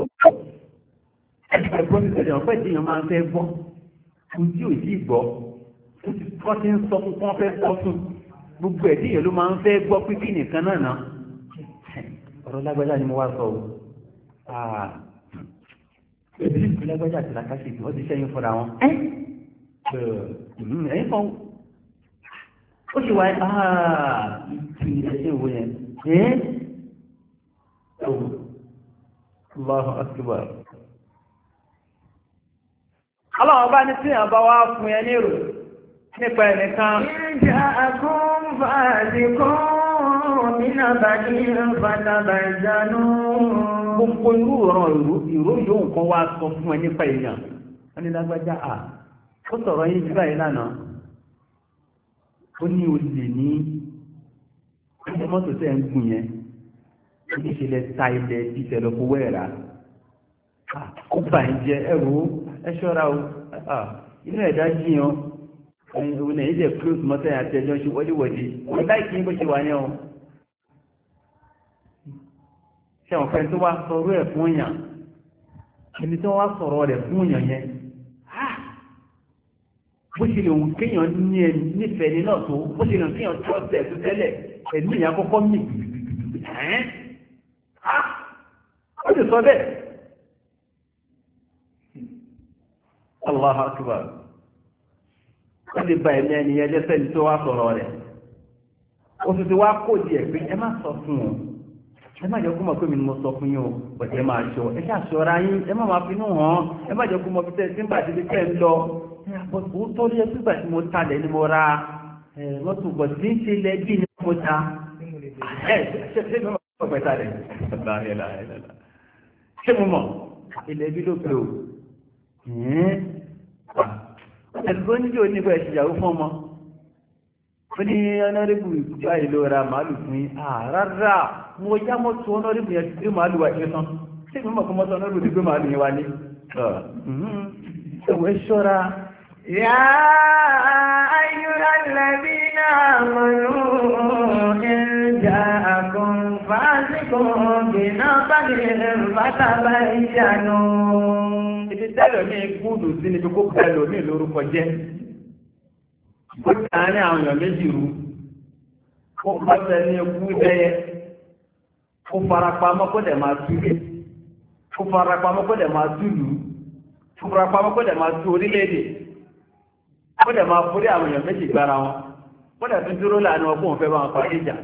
ẹ promise ẹ ọ̀pẹ́ ìdíyàn máa ń fẹ́ gbọ́ ojú òjì gbọ́ wọ́n ti ń sọ fún wọn fẹ́ gbọ́ fún un. gbogbo ẹ̀dí yẹn ló máa ń fẹ́ gbọ́ pípí nìkan náà ná ọ̀rọ̀ lágbájá ni mo wá sọ o ah. ẹ̀dí lágbájá àti làkàṣì wọ́n ti sẹ́yìn fúnra wọn ẹ̀yìn kan ó sì wá ah, ìtì ẹ̀ṣẹ̀ wo yẹn ẹ̀ bá ní tí wá fún ní ìròyìn. nípa ẹnìkan. ìjà àkóńfàdì kan nínú àbájú ìrọ̀bàdàbà ìjánú. gbogbo irú ọ̀ràn ìró yóò nǹkan wá sọ fún ẹ nípa èèyàn wọn ni lágbájá à ó sọ̀rọ̀ yín jù báyìí lánàá ó ní olè ní ilé mọ́tò tẹ́ ń gùn yẹn ó ní ìṣẹ̀lẹ̀ ta ilẹ̀ títẹ̀ lọ fowó ẹ̀ kó bàyìí jẹ ẹ̀rù ẹ ṣọ́ra o inú ẹ̀dá yíyan. òun èyí jẹ́ close mọ́tẹ́ àti ẹjọ́ ṣe wọ́díwọ́dí wọ́n láìkí bó ṣe ọ ṣe àwọn fẹ́ tó wá sọ̀rọ̀ ẹ̀ fún èèyàn ẹni tó wá sọ̀rọ̀ rẹ̀ fún èèyàn yẹn bó ṣe lè wùn kéèyàn ní ẹni nífẹ̀ẹ́ ní náà tó bó ṣe lè kéèyàn tó ó lè ba ẹ̀mí ẹni ẹjẹ́ sẹ́ni tó wá sọ̀rọ̀ rẹ̀ ó sì ti wá kó di ẹ̀ pé ẹ má sọ fún un ẹ má jẹ́ kó mọ̀ pé mi ni mo sọ fún yín o bọ̀dẹ̀ ẹ máa ṣọ ẹ ṣe àṣọra yín ẹ má máa finú hàn ẹ má jẹ́ kó mọ̀ pípẹ́ tí ń bàtí bí tẹ́ ń lọ ó tọ́lé ẹ pípa tí mo talẹ̀ ni mo ra mọ́tò bọ̀ tí ń ṣe ilẹ̀ bí ni mo ta ẹ ṣe ṣe mo mọ̀ pẹ̀ta rẹ̀ ṣé mo mọ̀ ẹ̀sùn níjò nípa ìṣìyàwó fún ọmọ fún ní ọ̀nàrẹ́bù ìgbà ìlọ́ra màálù fún àrárá mo já mọ́ tó ọ̀nàrẹ́bù yẹn tí màálù wà ṣẹ́sán tí mi mọ̀ kọ́ mọ́tọ́ ọ̀nàrẹ́bù tí gbé màálù yẹn wá ní ẹ̀wẹ̀ ṣọ́ra يا أيها الذين آمنوا جاءكم فاسق بنبأ فتبينوا ibi tẹ́lẹ̀ mi gúdù sí ni kókó pẹ̀lú mi lórúkọ jẹ́ ó tààrin àwọn èèyàn méjì rú kó pàṣẹ ní ikú dẹ́yẹ kó farapamọ́ kó dẹ̀ máa túlé kó farapamọ́ kó dẹ̀ máa túlù kó farapamọ́ kó dẹ̀ máa tú orílẹ̀-èdè kó dẹ̀ máa forí àwọn èèyàn méjì gbára wọn kó dẹ̀ tún dúró láàrin ọgbọ́n fẹ́ bá wọn parí ìjà.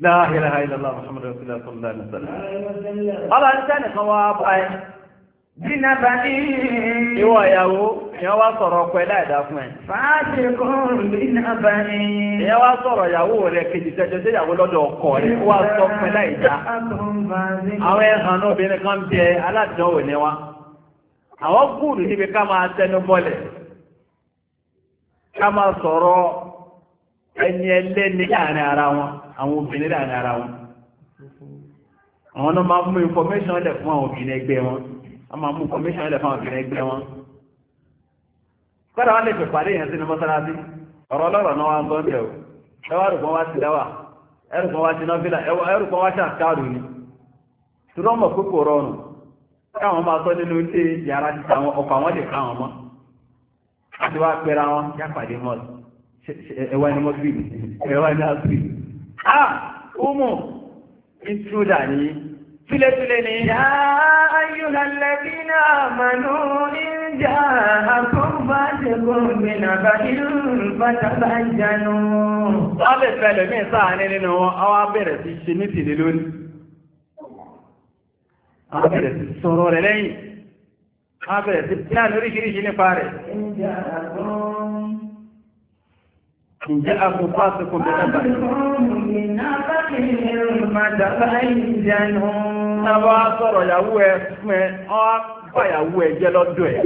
La ilaha illallah Muhammadu Rasulullah sallallahu alaihi wasallam. Ọlá ń tẹ́ nìkan wá báyìí. Bínà bá ní ìwọ̀ ìyàwó, ìyàn wá sọ̀rọ̀ ọkọ ẹ̀dá ẹ̀dá fún ẹ̀. Fáàtì kún bínà bá ní. Ìyàn wá sọ̀rọ̀ ìyàwó rẹ̀ kejì tẹ́jọ sí ìyàwó lọ́dọ̀ ọkọ rẹ̀ wá sọ fún ẹ̀dá ìjà. Àwọn ẹ̀hàn náà obìnrin kan bí ẹ aládánwò ní wa. Àwọn gúùrù níbi ká máa tẹnu bọ́lẹ̀. Ká máa sọ̀rọ̀ ẹni ẹlẹ́ni láàrin ara wọn àwọn obìnrin láàrin ara wọn àwọn náà máa mú information lẹ̀ fún àwọn obìnrin ẹgbẹ́ wọn wọ́n máa mú information lẹ̀ fún àwọn obìnrin ẹgbẹ́ wọn kọ́dà wọ́n lè fẹ̀ pàdé èèyàn sínú mọ́sálásí ọ̀rọ̀ ọlọ́rọ̀ náà wá ń gbọ́n bẹ̀ o ẹwà rùpọ̀ wá sí dáwà ẹrùpọ̀ wá sí nọ́fílà ẹrùpọ̀ wá sí ni sọ nínú ilé yàrá ọkọ̀ àwọn lè ká mọ́ àti wá ẹwà ni mọ́gbìn ẹwà ni àgbìn ah umu, intruder ni túlẹ̀túlẹ̀ ni. yá ayúhà lẹ́bínà àmàlú ìjà àkọ́bá tẹ̀kọ́ mìnà bá irú bàtàbà ìjánu. wọ́n lè fẹ́ sáàánì nínú wọn àwọn abẹ́rẹ̀ ti ṣe ní tìlẹ̀ lónìí. àwọn ti sọ̀rọ̀ rẹ̀ lẹ́yìn. àwọn ti pílánì oríṣiríṣi nípa rẹ̀. ìjà àkọ́bá. إن جاءكم فاسق بنبأ Nàbà sọ̀rọ̀ ìyàwó ẹ fún ẹ, ọ́n bá ẹ jẹ́ lọ́dọ̀ ẹ̀.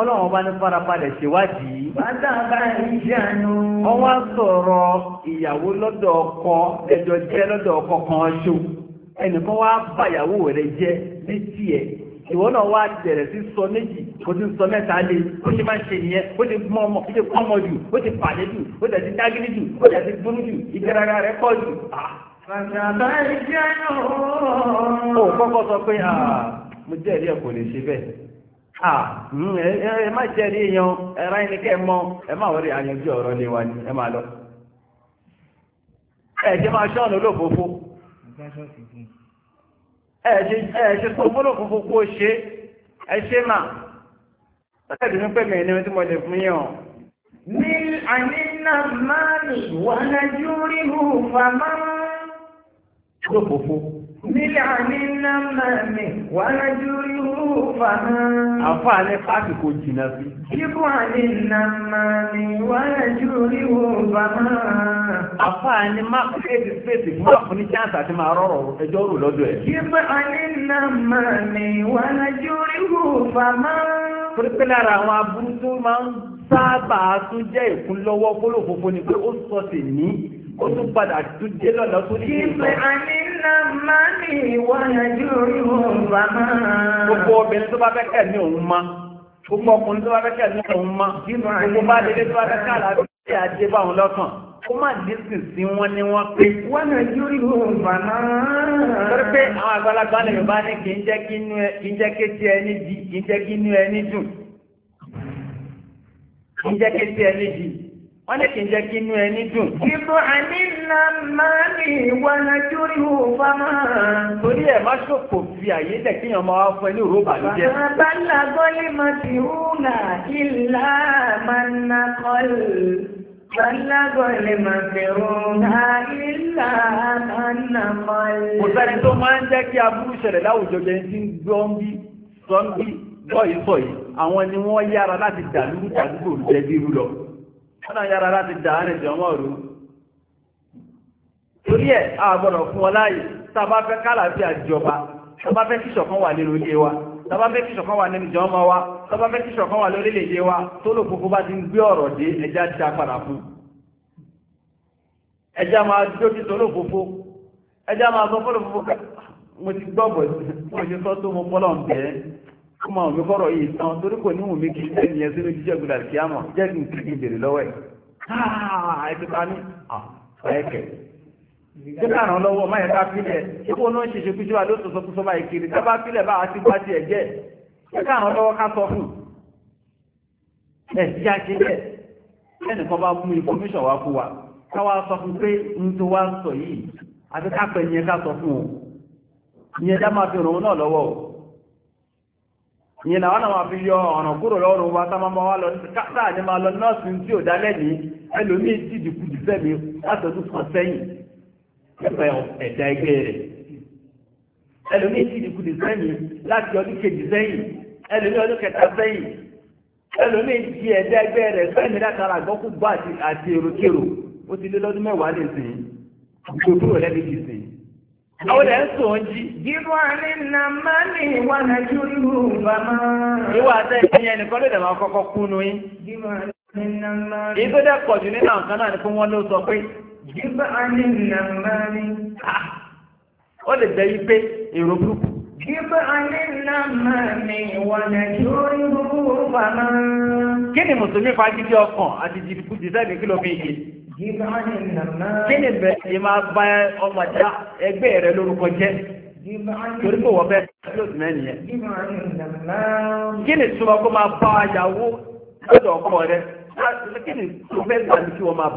ọlọ́run bá ní farabalẹ̀ ṣèwádìí. Bátàbá wá sọ̀rọ̀ ìyàwó lọ́dọ̀ ọkọ ẹjọ́ jẹ́ lọ́dọ̀ ọkọ kan ṣo. Ẹnìkan wá bá ìyàwó jẹ́ ní tiẹ̀. ìwọ náà wá bẹ̀rẹ̀ sí sọ méjì kò sí sọ mẹta lé ó ti máa ń ṣe nìyẹn ó ti mọ ọmọ ó ti pọ́nmọ jù ó ti pàdé jù ó ti ti dágírí jù ó ti ti burú jù ìgbéraga rẹ̀ pọ̀ jù. ó kọ́kọ́ sọ pé mo jẹ́rìí ẹ̀ kò lè ṣe bẹ́ẹ̀ hmm, ẹ má jẹ́rìí èèyàn ẹ̀rọ ẹni kẹ́ mọ ẹ má wọlé àyànjú ọ̀rọ̀ lé wa ni ẹ má lọ. ẹ jẹ́ máa ṣọ́ọ̀nù olófòófó. ẹ̀ṣẹ́ tó múlò fún gbogbo ṣe ẹṣẹ́ mà tẹ́lẹ̀ ní pẹ̀mẹ̀ ẹni tí mo lè fún yàn. ní àyínà máa ní wà nàìjíríà hù fàmà. ṣé òfófó Àfáàní pàtì kò jìnà sí. Kíbù àní nàmàmì wáyàjú oríwò bàmá. Àfáàní máa fèsì fèsì fún àfún ní chance àti máa rọrọ̀ ẹjọ́ rò lọ́dọ̀ ẹ̀. Kíbù àní nàmàmì wáyàjú oríwò bàmá. Torípé lára àwọn aburú tó máa ń sábà tún jẹ́ ìkúnlọ́wọ́ kólòfófó ni pé ó sọ ní ó tún padà tún dé lọ́nà tó ní ìlú. ìpè àníná máa ní ìwọ̀nyẹ̀jú ìhùn bàmá. gbogbo obìnrin tó bá fẹ́ kẹ́ ní òun ma gbogbo ọkùnrin tó bá fẹ́ kẹ́ ní òun ma gbogbo bá dédé tó bá fẹ́ kẹ́ àlàáfíà àjẹ báwọn lọ́kàn ó má dísì sí wọn ní wọn pé. wọ́n náà yóò rí òun bàná. torí pé àwọn àgbàlagbà lè bá ní kì í jẹ́ kí inú ẹ kì í jẹ́ kí etí ẹni di kì í jẹ́ kí inú ẹni dùn kì í jẹ́ kí etí ẹni di wọ́n ní kí n jẹ́ kí inú ẹni dùn. ìbò àníná máa ní ìwà nàìjírí òfà máa. torí ẹ̀ má ṣòfò fi àyè lẹ̀ kí èèyàn máa fọ inú ròbà ló jẹ́. bàbá làgọ́lé máa ti hùnà ìlà máa ná kọ́lù. Bàlágọ̀lẹ̀ máa fẹ̀rùn àìlà ànàmọ́lẹ̀. Kò sẹ́ni tó máa ń jẹ́ kí aburú ṣẹlẹ̀ láwùjọ jẹ́ ń gbọ́ ń bí, sọ ń àwọn ni wọ́n yára láti dàlúrú tàdúgbò jẹ́ bírú lọ ọ̀nà yára láti dáhánì jọmọ́ rú torí ẹ̀ àgbọ̀nà fún ọláyìí tàbá fẹ́ kálàfíà jọba tàbá fẹ́ kíṣọ̀kan wà nínú ilé wa tàbá fẹ́ kíṣọ̀kan wà nínú jọmọ́ wa tàbá fẹ́ kíṣọ̀kan wà lórílẹ̀-èdè wa tó lò fúnfún bá ti ń gbé ọ̀rọ̀ dé ẹjá ti apàdà fún ẹjá máa dójú tó mo ti gbọ́gbọ̀ mo ti sọ tó mo pọ́lọ̀ ń bẹ̀ẹ́ kó máa omi kọ́rọ̀ yìí tán torí kò níwùn mi kì í ṣe ìyẹn sínú jíjẹ́ gbọdọ̀ kí á mọ̀ jẹ́ kí n kí n bèrè lọ́wọ́ ẹ̀ ah, ẹ̀ẹ́dì ta ní ọ̀ẹ́kẹ̀ ah, jẹ́ kàrán lọ́wọ́ máa yẹn ká pílẹ̀ ipò náà ṣeṣe kújú wa ló sọ sọ sọ báyìí kiri ká bá pílẹ̀ bá a ti bá tiẹ̀ jẹ́ jẹ́ kàrán lọ́wọ́ ká sọ fún ẹ̀ sí àṣẹ jẹ́ ẹnìkan bá mú information wá fún wa ká wá sọ fún pé n tó wá sọ yìí àti ká pẹ̀ yẹn ká sọ fún o ìyẹn dá máa fi ràn wọn náà lọ́wọ́ ìyẹn làwọn àwọn àfi yọ ọ̀nà kúrò lọ́rùn wa tá máa wá lọ káàkiri àti máa lọ nọ́ọ̀sì tí ò dálẹ́ ní ẹlòmíì tí ìdìkú jù fẹ́ mi látọ̀dún kan sẹ́yìn nípa ẹ̀dá ẹgbẹ́ rẹ̀ ẹlòmíì tí ìdìkú jù fẹ́ mi láti ọdún kejì sẹ́yìn ẹlòmíì ọdún kẹta sẹ́yìn ẹlòmíì tí ẹ̀dá ẹgbẹ́ rẹ̀ fẹ́mi látara àgbọ́kúgbọ́ àti èrò kérò ó ti lé lọ́dún mẹ́wàá lè sìn Àwọn ẹ̀ ń sọ ń jí. Jíwọ́ nínà máa ní ìwà Nàìjíríà bàmá. Ìwà àti ẹ̀yìn ẹnìkan ló dẹ̀ máa kọ́kọ́ kú nu yín. Jíwọ́ nínà máa ní. Èyí tó dẹ̀ pọ̀ jù nínú àwọn kan náà ni fún wọn ló sọ pé. Jíwọ́ nínà máa ní. Ah, ó lè jẹ́ wípé èrò burúkú. Jíwọ́ nínà máa ní ìwà Nàìjíríà bàmá. Kí ni Mùsùlùmí fagídí ọkàn àti jìbìtì sẹ́ni kí ló fi yé? kí ni bẹ ẹ máa bá ọmọ ẹja ẹgbẹ́ rẹ lórúkọ jẹ́ torí pé wọ́n bẹ close mẹ́rin yẹn kí ni túmọ̀ kó máa bá ayàwó ọkọ rẹ kí tó fẹ́ gbà ní kí máa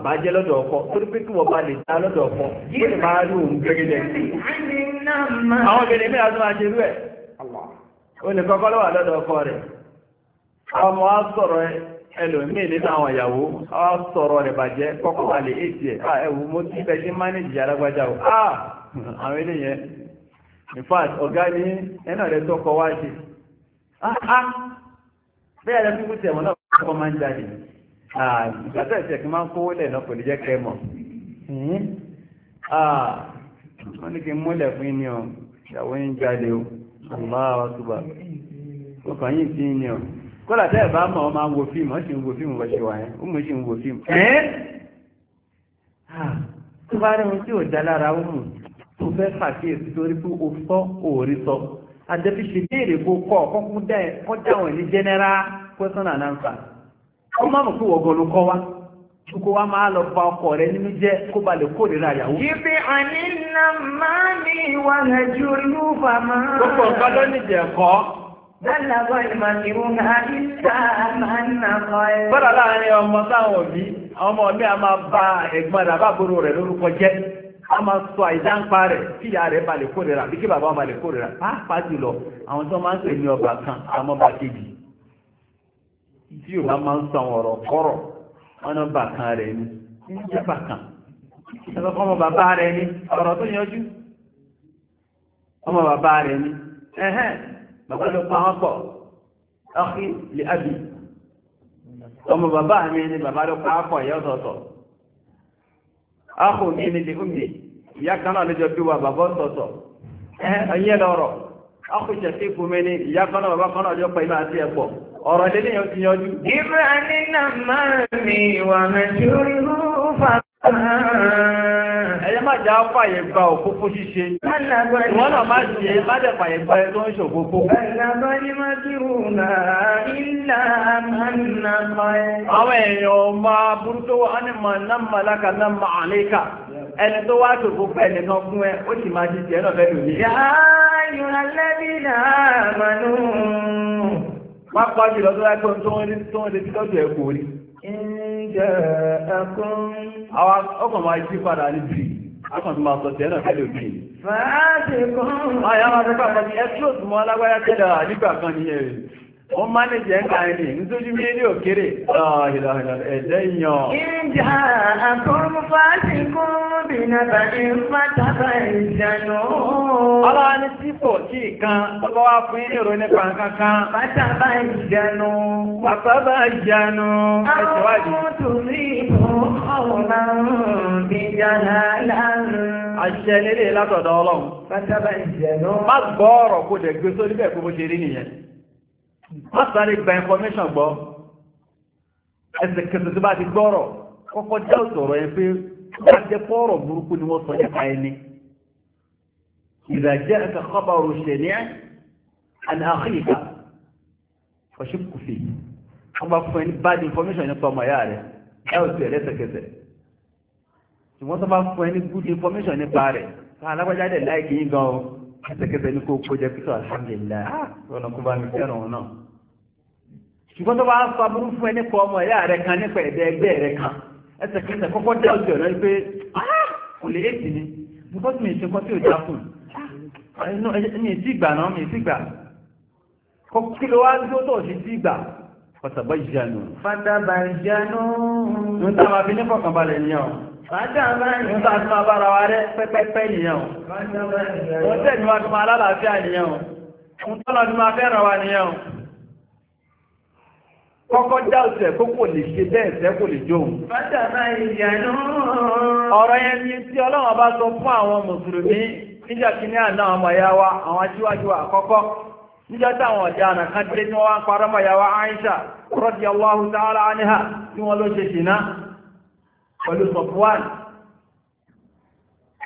ọkọ torí pé kí bá lè ta lọ́dọ̀ ọkọ máa rí òun ẹlòmíì nínú àwọn ìyàwó á sọ̀rọ̀ rẹ̀ bàjẹ́ kọ́kọ́ wà lè éjì ẹ̀ à ah, ẹ̀wù mo ti fẹ́ sí mánéjì alágbájá o à ah! àwọn eléyẹn in fact ọ̀gá ní ẹ̀nà rẹ̀ tọkọ wá ṣe á ah, bẹ́ẹ̀ rẹ̀ fífún tẹ̀wọ̀n náà kọ́kọ́ máa ń jáde ìgbàtà ìṣẹ̀kí máa ń kówó lẹ̀ náà kò lè jẹ́ kẹ́ mọ̀ wọ́n ní kí n múlẹ̀ fún ní ọ ìyàwó yín jáde o àmọ́ àwọn àtúbà ó kàn yín sí ní ọ kọ́lá tẹ́ ẹ̀bá mọ̀ ọmọ wo fíìmù ọ́n sì ń wo fíìmù wọ́n ṣe wà ẹ́ ó mú sí ń wo fíìmù ẹ́ ah, tó bá rí ohun tí ò dá lára ó tó fẹ́ fàkíyèsí torí pé o fọ́ òòrí sọ àjẹbí ṣe béèrè kó kọ́ kọ́kún kọ́ dáwọn ní general question and ó má mọ̀ pé wọ́gọ́ ló kọ́ wa kó wa máa lọ ba ọkọ rẹ nínú jẹ́ kó ba lè kórìíra ìyàwó. ibi àní nà máa ní ìwà ẹ̀jú olúfà máa. gbogbo nǹkan ló ní Bẹ́lẹ̀gbọ́ ìmọ̀síwọ́n ma Bọ́dà ọmọ òbí, ọmọ mi a máa ba ẹ̀gbọ́n rẹ̀ àbábòrò rẹ̀ lórúkọ jẹ́. A máa sọ àìdáǹpa rẹ̀ kí ìyá rẹ̀ balẹ̀ kórìíra, bí kí bàbá wọn balẹ̀ Pàápàá jùlọ, àwọn tó máa ń pè ní ọba kan, àmọ́ bá kejì. Tí máa ń sọ àwọn ọ̀rọ̀ kọ́rọ̀, ọmọ bàbá rẹ̀ ni, ọ̀rọ̀ bàbá ló pa wọn pọ̀ ọ́kí lè ábì ọmọ bàbá mi ni bàbá ló pa wọn pọ̀ ìyá ọ̀tọ̀ọ̀tọ̀ ọ́kù mi ni lè omi ìyá kan náà lójọ bí wa bàbá ọ̀tọ̀ọ̀tọ̀ ẹ̀yẹ lọ́rọ̀ ọ́kù ṣẹ̀ṣẹ̀ kú mi ni ìyá kan náà bàbá kan náà lójọ pẹ̀ ìmọ̀ àti ẹ̀pọ̀ ọ̀rọ̀ ilé yẹn ti yanjú. ìbúra nínú máa mi wà mẹ́tìrì rúfà máa. jà fàyè gba òkúkú ṣíṣe. náà má ṣe má dẹ̀ fàyè gba ẹ tó ń ṣòkókó. Àwọn èèyàn máa burú tó wá ní ma ma tó tó tó ń rí tó ń rí. akọ̀tí máa sọ tẹ́ẹ̀nà tẹ́lẹ̀ òbí ni. fàájì kan. àyà máa fẹ́ pàtàkì ẹ́ tí ó sì alágbáyá tẹ́lẹ̀ nígbà kan nìyẹn rẹ̀ wọ́n máa ní jẹ́ ń ka ẹni nítorí bí ilé òkèrè ẹ̀dẹ́ yàn. ìjà àkọ́mufáàtì kún bìnnà bàbí fàtàbà ìjànà. ọlọ́wọ́ ní sípò kí kan ọlọ́wọ́ wá fún ilé ìròyìn nípa kankan. fàtàbà ìjànà. fàtàbà ìjànà. àwọn tòmí ìbò ọ̀rọ̀ bìjànà lánàá. àṣẹ lélẹ̀ látọ̀dọ̀ ọlọ́run. fàtàbà ìjànà. má gbọ́ ọ̀rọ̀ kó dẹ̀ gbé sórí bẹ́ẹ̀ kó bó ṣe rí nìyẹn má sáré gba information gbọ́ ẹsẹ̀ kẹsẹ̀ tó bá ti gbọ́rọ̀ kọ́kọ́ jẹ́ òsòrò ẹ pé wọ́n jẹ́ fọ́ọ̀rọ̀ burúkú ni wọ́n sọ nípa ẹni ìrẹ̀jẹ́ ẹsẹ̀ kọ́bà òṣèlú ní àná àkíyíká ọ̀ṣípù fi wọ́n bá fún ẹni bad information nípa ọmọ ìyá rẹ̀ ẹ ò tẹ̀ lẹ́sẹ̀kẹsẹ̀ ṣùgbọ́n tó bá fún ẹni good information nípa rẹ̀ fún alágbájáde láìkì yín gan-an ní kó kó jẹ́ pítọ̀ alhamdulillah ah, ọ̀nà kó bá mi fẹ́ràn náà ṣùgbọ́n tó bá ń fa burú fún ẹ nípa ọmọ ẹ̀yà rẹ kan nípa ẹ̀dẹ́ ẹgbẹ́ rẹ kan ẹsẹ̀ kẹsẹ̀ kọ́kọ́ dá ojú ọ̀rọ̀ pé ah, kò lè èsì ni mo kọ́ sí mi ìṣe kan tí ò já fún ah, mi ìtì ìgbà náà mi ìtì ìgbà kí ló wá dúró tó ṣe ti ìgbà fọ́tàbá ìjánu. fọ́tàbá ìjánu. ní ta máa fi ní fọkànbalẹ̀ nìyẹn o. fọ́tàbá ìjánu. ní ta fi máa bára wa rẹ pẹ́pẹ́pẹ́ nìyẹn o. fọ́tàbá ìjánu. wọ́n tẹ̀ ní wá fi lálàáfíà nìyẹn o. ń tọ́lọ́ ní máa fẹ́ràn wa nìyẹn o kọ́kọ́ já ọ̀sẹ̀ kó kò lè ṣe bẹ́ẹ̀ sẹ́ kò lè jó òun. bàtàbà ìyànú. ọ̀rọ̀ yẹn ni tí ọlọ́run bá sọ fún àwọn mùsùlùmí níjọ́ kínní àná àwọn ọmọ ìyá wa àwọn aṣíwájú àkọ́kọ́ níjọ́ táwọn ọ̀dà àná kan dé ní wọ́n parọ́ mọ́ ìyá wa Aisha radiyallahu ta'ala anha tí wọ́n ló ṣe ṣìná pẹ̀lú Safwan.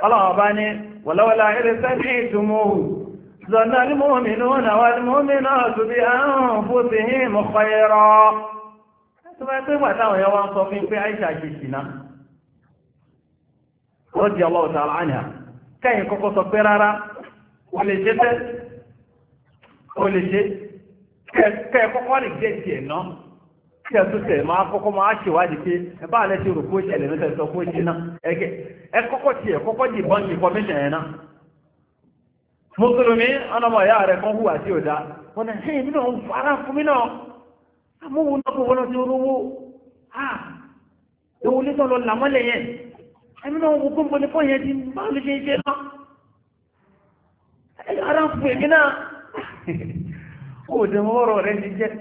ọlọ́run bá ní wọ̀lọ́wọ́lá ẹ̀rẹ́sẹ́ ní ìtumọ̀ ظن المؤمنون والمؤمنات بأنفسهم خيرا tó bá pé wà táwọn ẹ̀yọ́ wá ń sọ fún pé àìṣà ṣe o kí tẹ̀ máa kọ́kọ́ máa ṣèwádìí pé alẹ́ rò kó ṣẹlẹ̀ kó ṣe náà ẹ kọ́kọ́ tiẹ̀ kọ́kọ́ dìbọn náà mùsùlùmí ọlọ́mọ ìyá rẹ̀ kan hùwà tí ò dá wọn ni ṣe ìbínú ọ̀hún fara fún mi náà amóhùn náà kò wọ́n ti rówó à ewu ní sọ̀rọ̀ làmọ́lẹ̀ yẹn ẹ̀mí náà wọ́n gbọ́n ní fọ́yẹn ti bá lè ṣe iṣẹ́ náà ara ń fún èmi náà ó dẹ̀ mọ́ ọ̀rọ̀ rẹ̀ ti jẹ́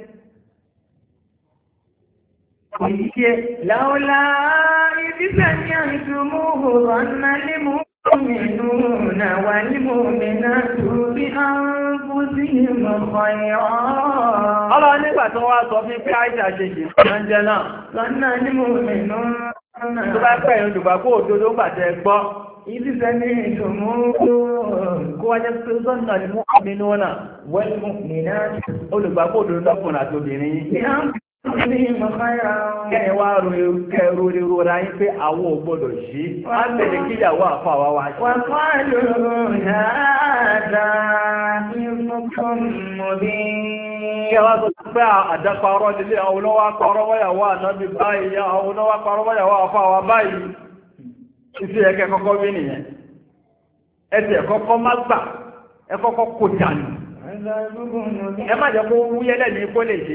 kò yí jẹ́ láọ́lá ibi sẹ́ni àìsùn mú المؤمنون والمؤمنات بأنفسهم خيرا Ọlọ́run nígbà tó wá sọ fún pé àìsà ṣe ṣe ọ̀nà jẹ náà. Lọ́nà ní mòmìnú. Tó bá pẹ̀ yóò dùgbà kó òdodo gbàtẹ gbọ́. Ibi sẹ́ni ìṣòmú kó wájẹ́ pé Kẹ́yìn wá kẹrù ríro ra yín pé àwọn ò gbọdọ̀ sí, á tẹ̀lé kí ìyàwó àfà wá wá sí. Wọ́n kọ́ lò dáadáa ìmúkún mọ̀bí. Kẹ́ wá sọ pé àdáparọ́ lílé àwọn olówó apárọ́ wáyàwó ànábì báyìí, àwọn olówó apárọ́ wáyàwó àfà wá báyìí. Ìsì ẹ Ẹ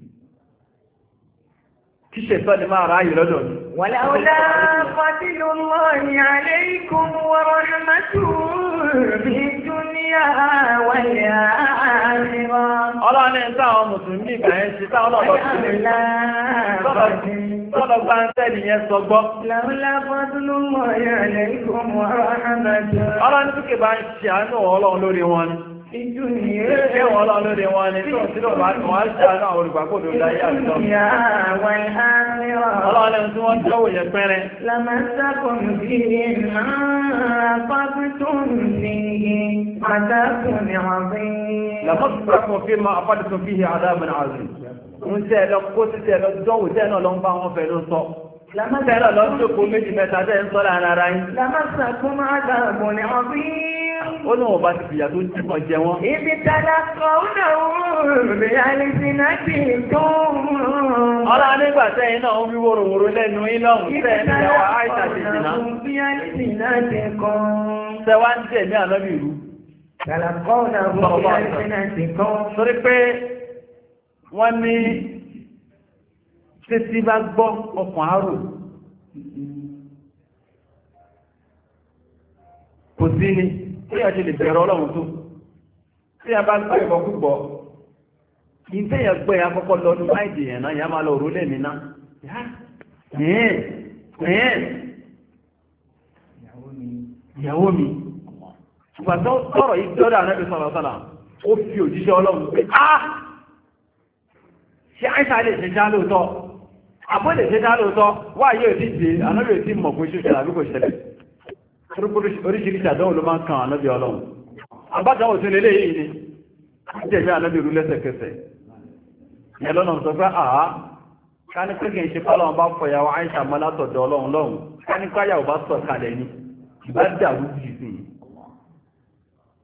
kíṣẹ̀ tọ́ ni máa ráyè lọ́dọ̀ ni. Wàláwọ́lá fàtílù lọ́rin àléìkún wọ́rọ̀ mẹ́tù bí dúníà wàlẹ̀ àríwá. Ọlọ́ni táwọn Mùsùlùmí ìgbà yẹn ṣe táwọn ọlọ́dọ̀ sí ni. Tọ́lọ̀ gba ń tẹ́ nìyẹn sọ gbọ́. Làwọ́lá fàtílù lọ́rin àléìkún wọ́rọ̀ mẹ́tù. Ọlọ́ni tó kè bá ń ṣe àánú ọlọ́run lórí wọn ni. Ijú ni ẹ̀rẹ́ wọn lọ́nà lórí wọn ni tí ó tí ó máa ń ṣàánú àwọn olùgbàkó ló dáyé àjọ. Ọlọ́run tí wọ́n tọ́wò yẹ pẹ́rẹ́. Lámàtàkùn sí ìmọ̀ àpapítún ní àdákùn ní àwọ̀bín. Lámàtàkùn fi máa àpapítún fi hì àdámìn àzù. Ń tẹ́ lọ kó sí tẹ́ lọ dọ́wò tẹ́ náà lọ ń bá wọn fẹ́ ló sọ. Lámàtàkùn lọ sí òkú méjì mẹ́ta tẹ́ ń sọ́ láàárín ara yín. Lámàtàkùn máa dàgbò ní ọ̀bín ó ní wọn bá ti fìyà tó ń jímọ̀ jẹ wọn. ibi tala kọ ọ̀nà òun àlìsínà ti tó. ọlá nígbà sẹ́yìn náà ń wíwó ròwòrò lẹ́nu ilọ́hùn sẹ́yìn ìyàwó àìsà ti jìnnà. sẹ́wá ń tẹ̀ ní àná mi rú. tala kọ ọ̀nà òun àlìsínà ti tó. torí pé wọ́n ní títí bá gbọ́ ọkàn àrò. kò sí ni tí a ṣe lè bẹ̀rẹ̀ ọlọ́run tó tí a bá ń pàrẹ̀kọ́ púpọ̀ kí n tẹ́yà gbé akọ́kọ́ lọ ní máìdì ẹ̀nà ìyá máa lọ òrùlé mi ná ìyàwó mi ṣùgbọ́n tó sọ̀rọ̀ yìí dọ́dọ̀ ànábì sọ̀rọ̀ sọ̀rọ̀ ó fi òjíṣẹ́ ọlọ́run pé á ṣe àìsàn lè ṣe já lóòótọ́ àbọ̀ lè ṣe já lóòótọ́ wáyé òdíje ànábì òdí mọ̀ kó ṣe ṣẹlẹ̀ àbí kò ṣẹlẹ̀ oríṣiríṣi àdánwò ló máa ń kan ànábì ọlọ́run àbájáwò tí lélẹ̀ yìí ni jẹ́gbẹ́ ànábì rú lẹ́sẹ̀kẹsẹ̀ ẹlọ́nà sọ pé àá káni pé kìí ṣe fọ́lọ́run bá fọ̀yàwó àìṣà ọlọ́run lọ́run káni káyàwó bá sọ̀kalẹ̀ ni bá dàrú jù sí i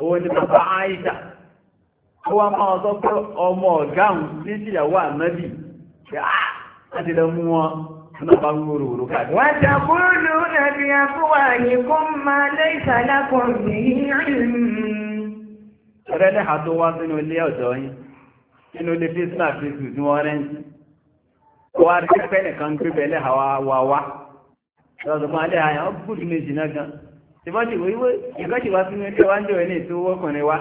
òun ni bàbá Aisha ó wá máa sọ pé ọmọ ọ̀gáhùn ní ìyàwó ànábì ṣe láti ah, lọ mú wọn Nàbà ń wòrò wòrò káàkiri. Wàtà nàbí àfúwà yìí máa lé ìsàlákọ̀ sí ìrìn. Ọ̀rẹ́ lẹ́hà wá sínú ilé ọ̀dọ́ ilé tí wọ́n rẹ́ ń sí. Wà á rí pẹ́ nìkan gbé àwa wà wá. ó méjì náà tìbọ́jì wíwé ìkọ́jì wá sínú ẹgbẹ́ wájú ẹni tó wọ́kùnrin wá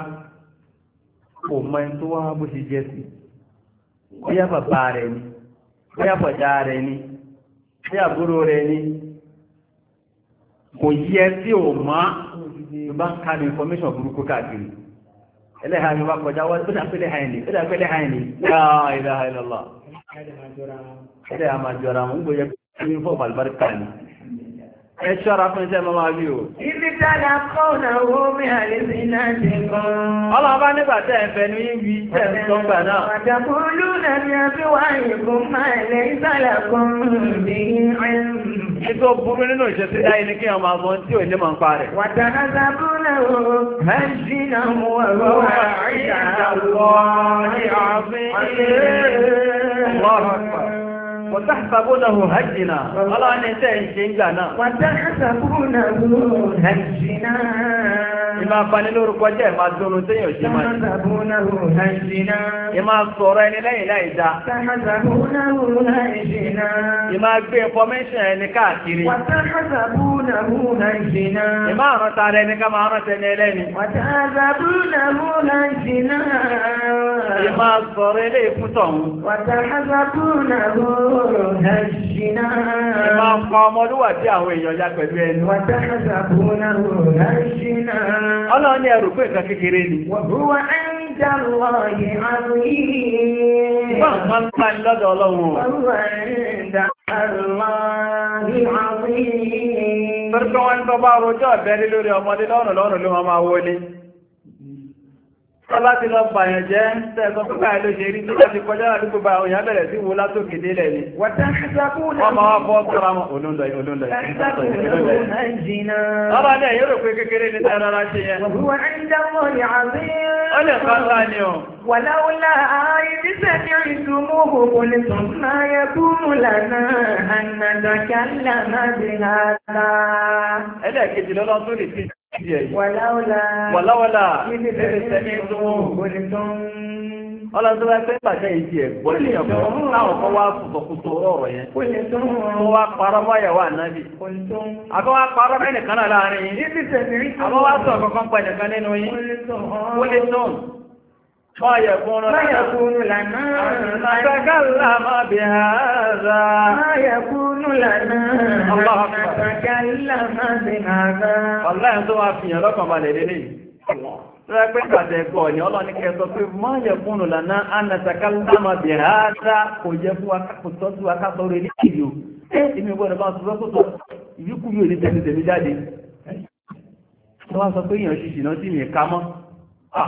kò mọ ẹni tó wá bó ṣe jẹ́ sí bóyá bàbá rẹ̀ ni bóyá bọ̀dá rẹ̀ ni bóyá àbúrò rẹ̀ ni kò yẹ tí ò mọ́ ìbá ń ka ní information burúkú káàkiri ẹlẹ́hàá mi wá kọjá wá ó dàpẹ́lẹ́ hàn ní ó dàpẹ́lẹ́ hàn ní láà ìlàhà ìlàlá ẹlẹ́hàá máa jọra wọn gbọ́dọ̀ fún ìfọ̀mù àlùbáríkà ni ẹ ṣọ́ra fún iṣẹ́ mọ́ máa bí o. ibi tààdà kọ́ọ̀nà owó mi àlèsí náà ti kan. ọlọ́run bá nígbà tẹ́ ẹ fẹnu yín wí tẹ́ ẹ gbà náà. àtàkù lúnà ni a fi wá ìkún máa lẹ ìsàlẹ̀ kan bí ẹ̀rù. ètò burú nínú ìṣesí dáyé ni kí wọn máa mọ tí ò ní mọ̀ ń parẹ̀. wàtàkà sábúnà o náà mú ọ̀rọ̀ wa tàbónàhù hajjìnà ọlọ́ni tẹ́ ń ṣe ń gbà náà wọ́n tàbónàhù hajjìnà ìmá fani lórúkọ jẹ́ ìmá dúnú tí yóò ṣe máa tàbónàhù hajjìnà ìmá sọ̀rọ̀ ẹni lẹ́yìn láìdá tàbónàhù hajjìnà ìmá gbé information ẹni káàkiri wọ́n tàbónàhù hajjìnà ìmá rántà rẹ̀ ní ká máa rántà ẹni ẹlẹ́ni wọ́n tàbónàhù hajjina. Ẹ máa ń pa ọmọlúwà tí àwọn èèyàn ya pẹ̀lú ẹnu. Wà táàzà búná hajjina. Ọlọ́run ní ẹrù pé nǹkan kékeré ni. Wà á lọ yìí àrùn yìí. Wọ́n máa ń pa ní lọ́dọ̀ Ọlọ́run. Wà á lọ yìí àrùn yìí. Torí pé wọ́n ń bá rojọ́ ọ̀bẹ́rí lórí ọmọdé lọ́rùn lọ́rùn ló máa wọlé. Tọ́lá ti lọ bàyàn jẹ́ ń tẹ́ẹ̀sọ́ tó báyìí ṣe rí tó láti kọjá àdúgbò bá òyìn abẹ̀rẹ̀ sí wo látòkè délẹ̀ ni. Ọmọ wa fọ́ ṣe wàláwàlá níbi tẹ̀lé tó ọlọ́run tó bá pẹ́ pàṣẹ yìí tiẹ̀ gbọ́ ní ọ̀pọ̀ táwọn kan wá sọ̀tọ̀kùtọ̀ ọ̀rọ̀ yẹn mo wá parọ́ báyàwó ànábì àbọ̀ wá parọ́ bẹ́ẹ̀ nìkan náà láàrin yìí àbọ̀ wá sọ̀ kankan pa nìkan nínú yín ó lè tán ما يكون ما يكون لنا أن نتكلم بهذا ما يكون لنا الله أكبر نتكلم بهذا والله أنتوا عارفين رقم على ni kò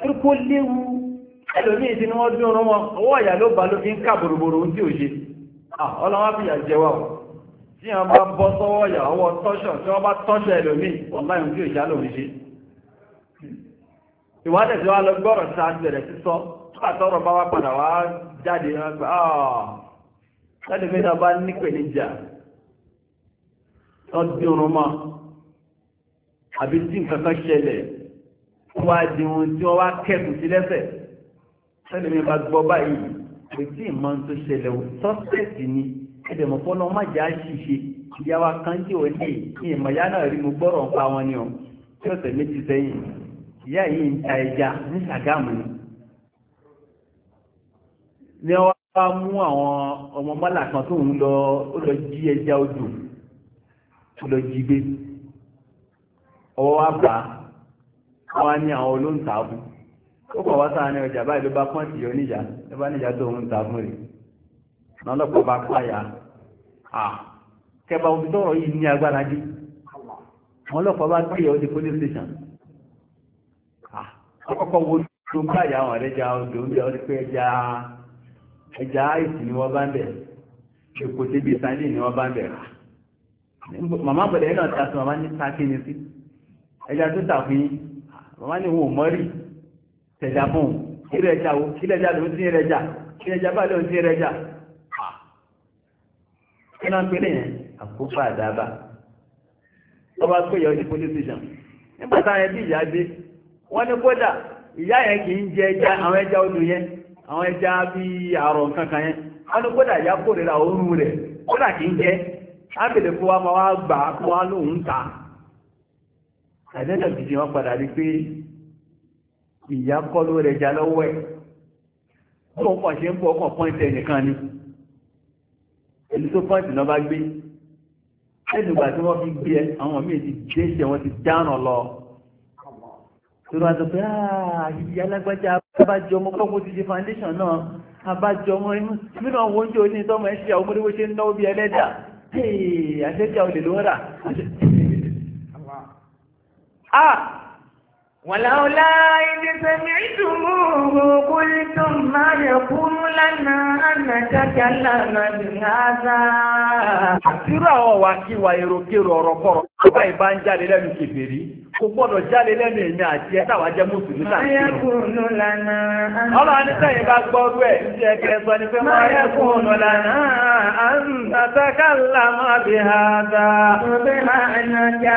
kó léwu ẹlòmíì tí wọ́n dún ọ̀rọ̀ wọn ọwọ́ ìyá ló bá ló fi ń kà bòròbòrò ń tí ò ṣe ọlọ́wọ́n fi jẹ wa o tí wọ́n bá bọ́ sọ́wọ́ ìyá ọwọ́ tọ́ṣọ̀ tí wọ́n bá tọ́ṣọ̀ ẹlòmíì tí ò ṣe ṣe tí wọ́n lọ gbọ́rọ̀ sa bẹ̀rẹ̀ sísọ pàtọ́rọ̀ bá wá padà wá jáde wọn pé ó wá di ohun tí wọ́n wá kẹ́kùn sí lẹ́sẹ̀ sẹ́ni mi bá gbọ́ báyìí kò tí ì máa ń tó ṣẹlẹ̀ o sọ́sẹ̀tì ni ẹ̀dẹ̀ mọ̀ fọ́nà má jà á ṣìṣe ìyá wa kan tí ò ní ìmọ̀ ìyá náà rí mo gbọ́rọ̀ pa wọn ni o tí ọ̀sẹ̀ méjì sẹ́yìn ìyá yìí ń ta ẹja ní Ṣàgámù ni ni wọ́n wá mú àwọn ọmọ mọ́là kan tó ń lọ ó lọ jí ẹja odò ó lọ jí gbé ọwọ́ wa bàá wọ́n á ní àwọn olóǹtàbù ó pọ̀ wáta ní ọjà báyìí ló bá pọ́ǹtì yóò níjà ló bá níjà tó ń ta fún rẹ̀ lọ́lọ́pọ̀ bá pààyà à kẹba omi tọrọ yìí ní agbára dé wọn lọ́pọ̀ bá gbé yẹ̀ ó di police station à ọkọ̀kọ̀ wo tó ń pààyà àwọn ẹ̀rẹ́jà odò ń bẹ̀ ọ́ ti pé ẹja ẹja àìsí ni wọ́n bá ń bẹ̀ èkó débi sáńdì ni wọ́n bá ń bẹ̀ màmá bọ̀dẹ̀ náà ta sí màmá ní sákì ní sí ẹja tó tà fún yín wọ́n ní wọn ò mọ́rí tẹ̀jà fún un kílẹ̀ ẹja o kílẹ̀ ẹja ló ń sí ẹja bá kí náà yẹn àkópa àdába yọ ní ìyá wọ́n ní kódà ìyá yẹn kì í jẹ ẹja àwọn ẹja odò yẹn àwọn ẹja àrọ̀ kankan yẹn wọ́n ní kódà ìyá òórùn rẹ̀ kódà kì í jẹ ábìlẹ̀ fún wa máa wá gbà ta. àdẹ́dẹ̀ gidi wọn padà rí pé ìyá kọ́ ló rẹ̀ já lọ́wọ́ ẹ̀ tó pọ̀ ṣe ń bọ́ ọkọ̀ pọ́ìntì ẹnìkan ni èyí tó pọ́ìntì náà bá gbé ẹnìgbà tí wọ́n fi gbé àwọn míì ti gbé ṣe wọ́n ti dáná lọ tòrò àtọ̀ pé àyíyá alágbájá abájọ ọmọ kọ́kọ́ ti ṣe foundation náà abájọ ọmọ mìíràn wo oúnjẹ oní ìtọ́mọ̀ ẹ̀ ṣe àwọn ọmọdé wo ṣe ń náwó bí ẹlẹ́dà àṣẹ́jà olè ló rà 二 ولولا إذ سمعتموه قلتم ما يكون لنا أن نتكلم بهذا Irú àwọn wàkíwà èròkèrò ọ̀rọ̀kọ̀rọ̀ ọba ìbá ń jáde lẹ́nu kèfèrí, kò gbọ́dọ̀ jáde lẹ́nu èmi àti ẹ táwa jẹ́ mùsùlùmí náà. Máyẹ̀kùnù lànà. Ọlọ́run ní sẹ́yìn bá gbọ́ rú ẹ̀ ní ẹgbẹ́ sọ ni pé máyẹ̀kùnù lànà. À ń tàkà lámà bí hàdà. Òbí máa ń nájà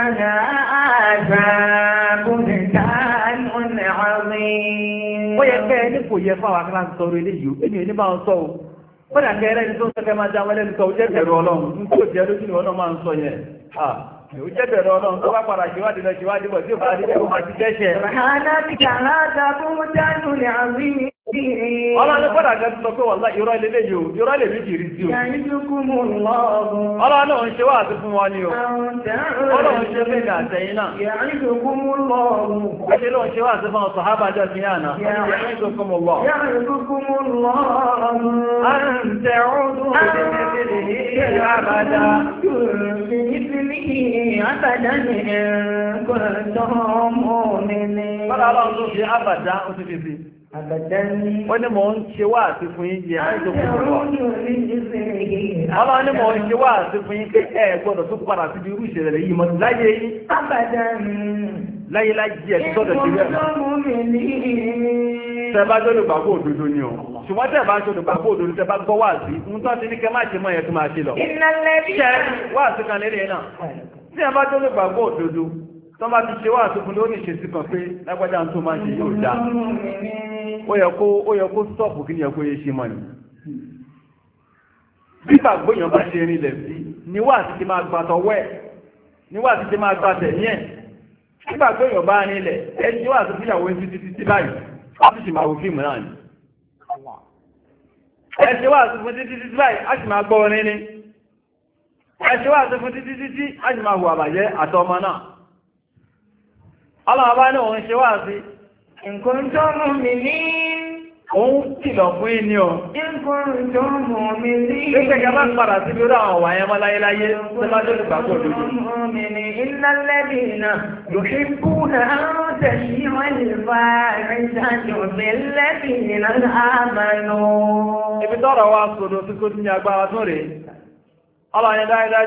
ṣàánú àmín. ó yẹ kẹ́ ẹ ní kò yẹ fún àwọn akẹ́lá sọ̀rọ̀ eléyìí o èmi ò ní bá wọn sọ o kódà kẹ́rẹ́ ní tó ń sọ́kẹ́ máa dáwọn ẹlẹ́nu sọ òjẹ́ bẹ̀rù ọlọ́run ní kò jẹ́ lójú ni ọlọ́run máa ń sọ yẹn òjẹ́ bẹ̀rù ọlọ́run tó bá padà ṣèwádìí lọ ṣèwádìí bọ̀ tí ò bá rí bẹ́ẹ̀ ó máa ti dẹ́ṣẹ̀. ràhánà ti kàrá àtàkùn jáde ní àrí Ọlọ́run pẹ́lú àjẹ́ sọ pé wọ́n láì irọ́ ilé yóò, irọ́ ilé méjì rí sí o. Ọlọ́run ṣe wà àti fún wọn ni o. Ọlọ́run ṣe fẹ́ ìdà àtẹ̀yìn náà. Ẹṣẹ́ lọ́run ṣe wà àti fún ọ̀sọ̀ hábàjọ́ sí àná. Ọlọ́run ṣe àbàdá ó ti fi fi wọ́n ní mọ̀ ń ṣe wá àti fún yín jẹ́ àti fún yín wọ́n ní mọ̀ ń ṣe wá àti fún yín pé ẹ gbọ́dọ̀ tó padà síbi irú ìṣẹ̀lẹ̀ yìí mọ́ láyé yín láyé láyé ẹ̀ gbọ́dọ̀ ṣe bẹ́ẹ̀ tẹ́bá gbọ́dọ̀ gbàgbọ́ òdodo ni ọ̀ ṣùgbọ́n tẹ́bá gbọ́dọ̀ gbàgbọ́ òdodo tẹ́bá gbọ́ wá sí ń tán sí ní kẹ́ máa ṣe mọ́ yẹn tó máa tó bá ti ṣe wà tó fún lórí ìṣesí kan pé lágbàjá tó máa ṣe yóò dá ó yẹ kó stọ́pù kí ni ẹ̀kọ́ yẹ ṣe mọ̀ ní bípa gbóyàn bá ṣe rin ilẹ̀ sí níwà tí ti máa gba tọwọ́ ẹ̀ níwà tí máa gba tẹ̀mí ẹ̀ bípa bá rin ilẹ̀ ẹ ṣe wà tó fíyàwó ń títí títí báyìí á sì máa wo fíìmù náà ni aláwọ̀bá ní òun ṣe wá sí nǹkan tó mú mi ní òun kìlọ̀ fún ìní ọ̀ nǹkan tó mú mi ní ìgbẹ́gbẹ́ bá tí ní agbára jẹ́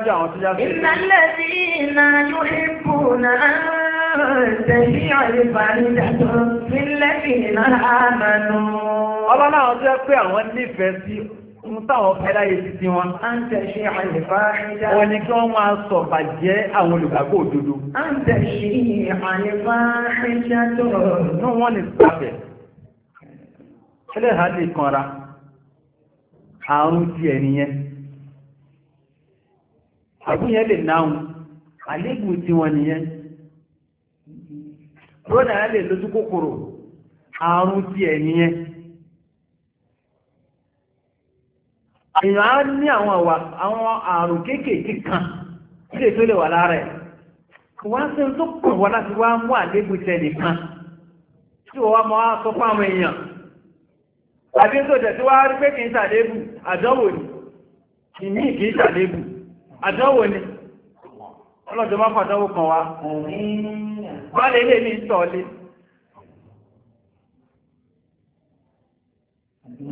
àwọn tí já sí. تشيع الفريدة tó yẹ pé àwọn nífẹ̀ẹ́ sí ohun táwọn fẹ́ láyé wọn. a ń tẹ̀sí àyèfà ìjà. wọ́n kí wọ́n máa sọ bàjẹ́ àwọn olùgbàgbọ́ òdodo. a ń àyèfà tó. ni sábẹ̀ ẹlẹ́hàá lè kanra àrùn tiẹ̀ nìyẹn àbúyẹn lè àlébù wọn nìyẹn. rọ́dà yà lè lójú kòkòrò àrùn ti ẹ̀ nìyẹn èèyàn á ní àwọn àwà àwọn àrùn kéékèèké kan ilé tó lè wà lára ẹ̀ wá sí tó pọ̀ wá láti wá mú àléébù tẹ̀lé tí wọ́n wá mọ́ á sọ fáwọn èèyàn àbí tó jẹ̀ tí wá rí pé kì í sàléébù ni ìmí kì í sàléébù ni ọlọ́jọ́ má fàdánwò kan wa bálẹ̀ ilé ní ìtọ́ọ̀lé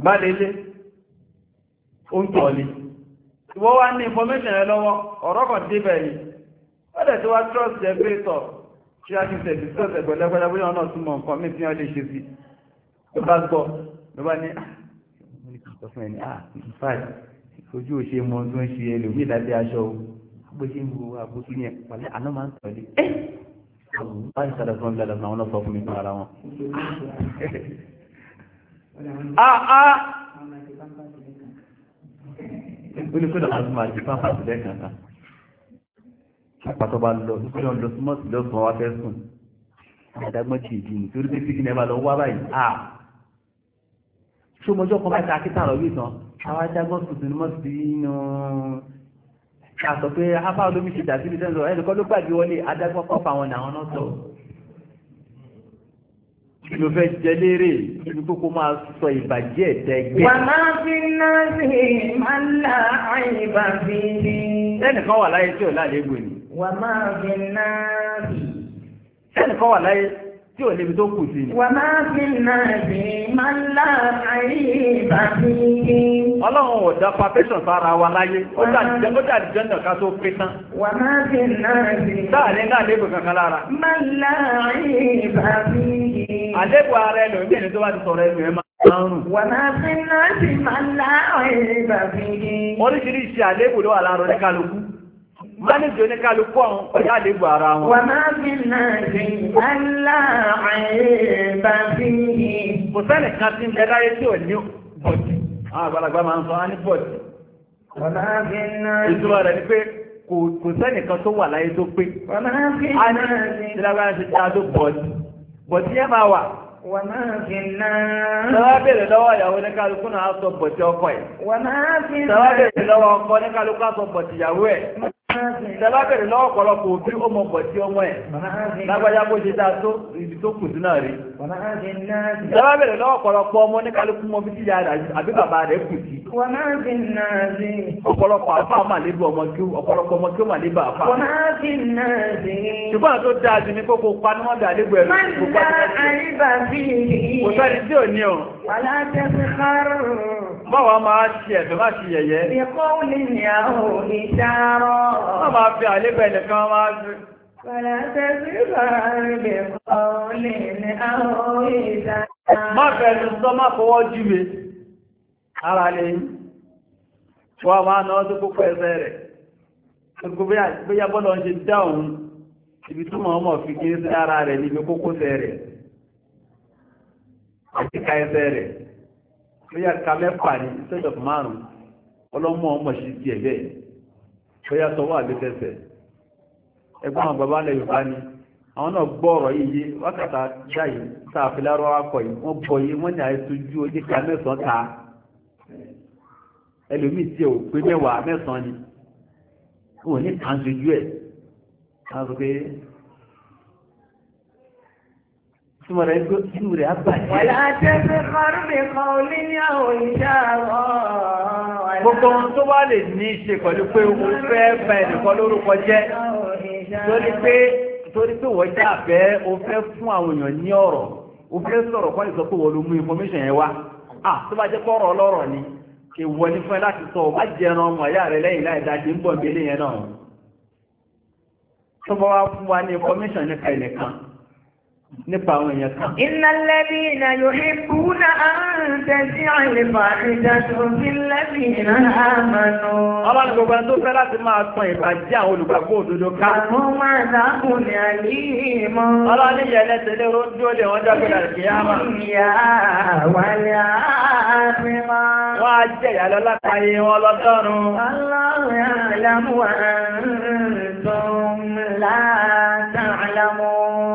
bálẹ̀ ilé ó ń tọ́ọ̀lé ìwọ wá ní information rẹ lọ́wọ́ ọ̀rọ̀ kan débẹ̀ ni ó dẹ̀ tí wá trust the creator tí a ti tẹ̀sí tó tẹ̀ pẹ̀lẹ́pẹ̀lẹ́ bóyá náà túnmọ̀ nǹkan mí tí wọ́n lè ṣe sí ló bá gbọ́ ló bá ní ah, ah, ojú òṣèmọ̀ tó ń ṣe ẹlòmí ìdájẹ́ aṣọ bó ṣe ń wo àbójú yẹn pàlẹ́ àná máa ń tẹ̀lé ẹ́ eh! báyìí sọ̀rọ̀ fún mi lẹ́lẹ́ àwọn náà sọ fún mi fún ara wọn. Ah! Ah! Ah! ó ní kódà láti máa di pápá sílẹ̀ kankan àpàtọ́ bá lọ ní kódà lọ súnmọ́ sí lọ́sùn wa fẹ́ sùn àdágbọ́n ti ìdí nítorí pé síkì náà bá lọ wá báyìí à ṣó mọjọ́ kan báyìí ta akíta rọ̀ wí tán àwọn adágbọ́n tuntun ni wọ́n ti nù àsọ pé apá olómi ti dà síbi tẹ́sán ẹnì kan ló gbàgbé wọlé adágbọ́ pọ́pọ́ àwọn làwọn náà sọ kí fẹ́ jẹ léèrè ibi kókó máa sọ ìbàjẹ́ ẹ̀dẹ́gbẹ́. wà á fi náà sí máa ń la àyíbá fi ní. ẹnìkan wà láyé tí ò láàlẹ́ gbòòní. wà á fi náà sí. ẹnìkan wà láyé tí ò níbi tó kù sí ni. wà máa fi náà bí máa ń lá àyè ìbàdí. ọlọ́run ò dá perfection fara wa láyé ó dàdí jẹ́ndọ̀ ká tó pé tán. wà máa fi náà bí. sáàrí náà lébò kankan lára. máa ń lá àyè ìbàdí. àlébò ara ẹ lòun bí ẹni tó bá ti sọ̀rọ̀ ẹnu ẹ máa ń rùn. wà máa fi náà bí máa ń lá àyè ìbàdí. oríṣiríṣi àlébò ló wà láàárọ̀ ní kálukú. Mánéjì oníkálukú ọ̀hún pẹ̀lú àlébù ara wọn. Wà máa fi náà sí aláàrẹ̀ bá fi yí. Kò sẹ́nì kan sí ilẹ̀ láyé tí ò ní bọ̀dì. Àwọn àgbàlagbà máa ń sọ á ní bọ̀dì. Wà máa fi náà sí. Ìtura rẹ̀ ni pé kò sẹ́nì kan tó wà láyé tó pé. Wà máa fi náà sí. Ìlágbára ṣe ti adó bọ̀dì. Bọ̀dì yẹn máa wà. Wà máa fi náà. Tọ́wá bèèrè lọ́wọ́ ìyàwó ní kálukú náà sọ bọ̀dì ọkọ ẹ̀. Wà máa fi náà. Tọ́wá bèèrè lọ́wọ́ ọkọ ní kálukú sọ bọ̀dì ìyàwó ẹ̀ tẹ́lá bẹ̀rẹ̀ lọ́wọ́ ọ̀pọ̀lọpọ̀ òbí ọmọ ọ̀pọ̀ tí ọmọ ẹ̀ lágbájá bó ṣe dáa tó ibi tó kù sí rí. tẹ́lá bẹ̀rẹ̀ lọ́wọ́ ọ̀pọ̀lọpọ̀ ọmọ ní mọ́ bí tíya rẹ̀ àbí bàbá rẹ̀ kù sí. ọ̀pọ̀lọpọ̀ àfa máa lé ọmọ kí ọ̀pọ̀lọpọ̀ ọmọ kí ó máa lé àfa. ṣùgbọ́n tó dáa jù ní kókó panumọ́dà lẹ́gbẹ̀ẹ́ rẹ̀ máa ṣe ẹ̀fẹ̀ má ṣe yẹ̀yẹ́. ìkọ́ ni àwọn òní wọ́n máa fi àlébẹ̀ nìkan máa ń Má fẹ̀lú sọ má fọwọ́ jíwe ara lè yí, wọ́n máa náà tó kókò ẹsẹ̀ rẹ̀. Gbogbo bí ya bọ́lọ̀ ń ṣe dáhùn ibi tó mọ̀ ọmọ fi kí sí ara rẹ̀ níbi kókósẹ̀ rẹ̀, àti ká ẹsẹ̀ rẹ̀. Bí ya ká mẹ́fà ní ìṣẹ́jọ̀ márùn-ún, ọlọ́mọ ọmọ ṣe ti ẹ̀bẹ̀ yìí ṣọ́yá sọ wà lẹ́sẹsẹ̀ ẹgbọ́n àwọn bàbá lẹ́yìn bá ní àwọn náà gbọ́ọ̀rọ̀ iye wákàtà jáyì sáàfilárọ́ akọ̀ yìí wọ́n bọ̀ yìí wọ́n ní àìsójú ojú ká mẹ́sàn-án ta ẹlòmíì tí ò pé mẹ́wàá mẹ́sàn ni wọ́n ní kàńsojú ẹ̀ kàńsọ pé ثم رأيكم سورة أبا ولا تزخر بقول أو إشارة gbogbo ohun tó wá lè ní ṣe pẹ̀lú pé o fẹ́ bá ẹnìkan lórúkọ jẹ́ torí pé torí pé wọ́n já fẹ́ o fẹ́ fún àwọn èèyàn ní ọ̀rọ̀ o fẹ́ sọ̀rọ̀ kọ́ ìsọ pé wọ́n ló mú information yẹn wá ah tó bá jẹ́ kọ́rọ̀ ọlọ́rọ̀ ni ìwọ ní fún ẹ láti sọ ọba jẹran ọmọ ìyá rẹ lẹ́yìn láì dájú ń bọ̀ ìbílẹ̀ yẹn náà tó bá wá fún wa ní information nípa ẹnìkan إن الذين يحبون أن تجعل الفاحدة في الذين آمنوا أما نقول أنتو فلا تما أطمئ بجاء ولبقوا دودوكا كانوا ما ذاكون يليما أما نجل تلي رجو لي ودك للقيامة يا وليا أخيما الله يعلم وأنتم لا تعلمون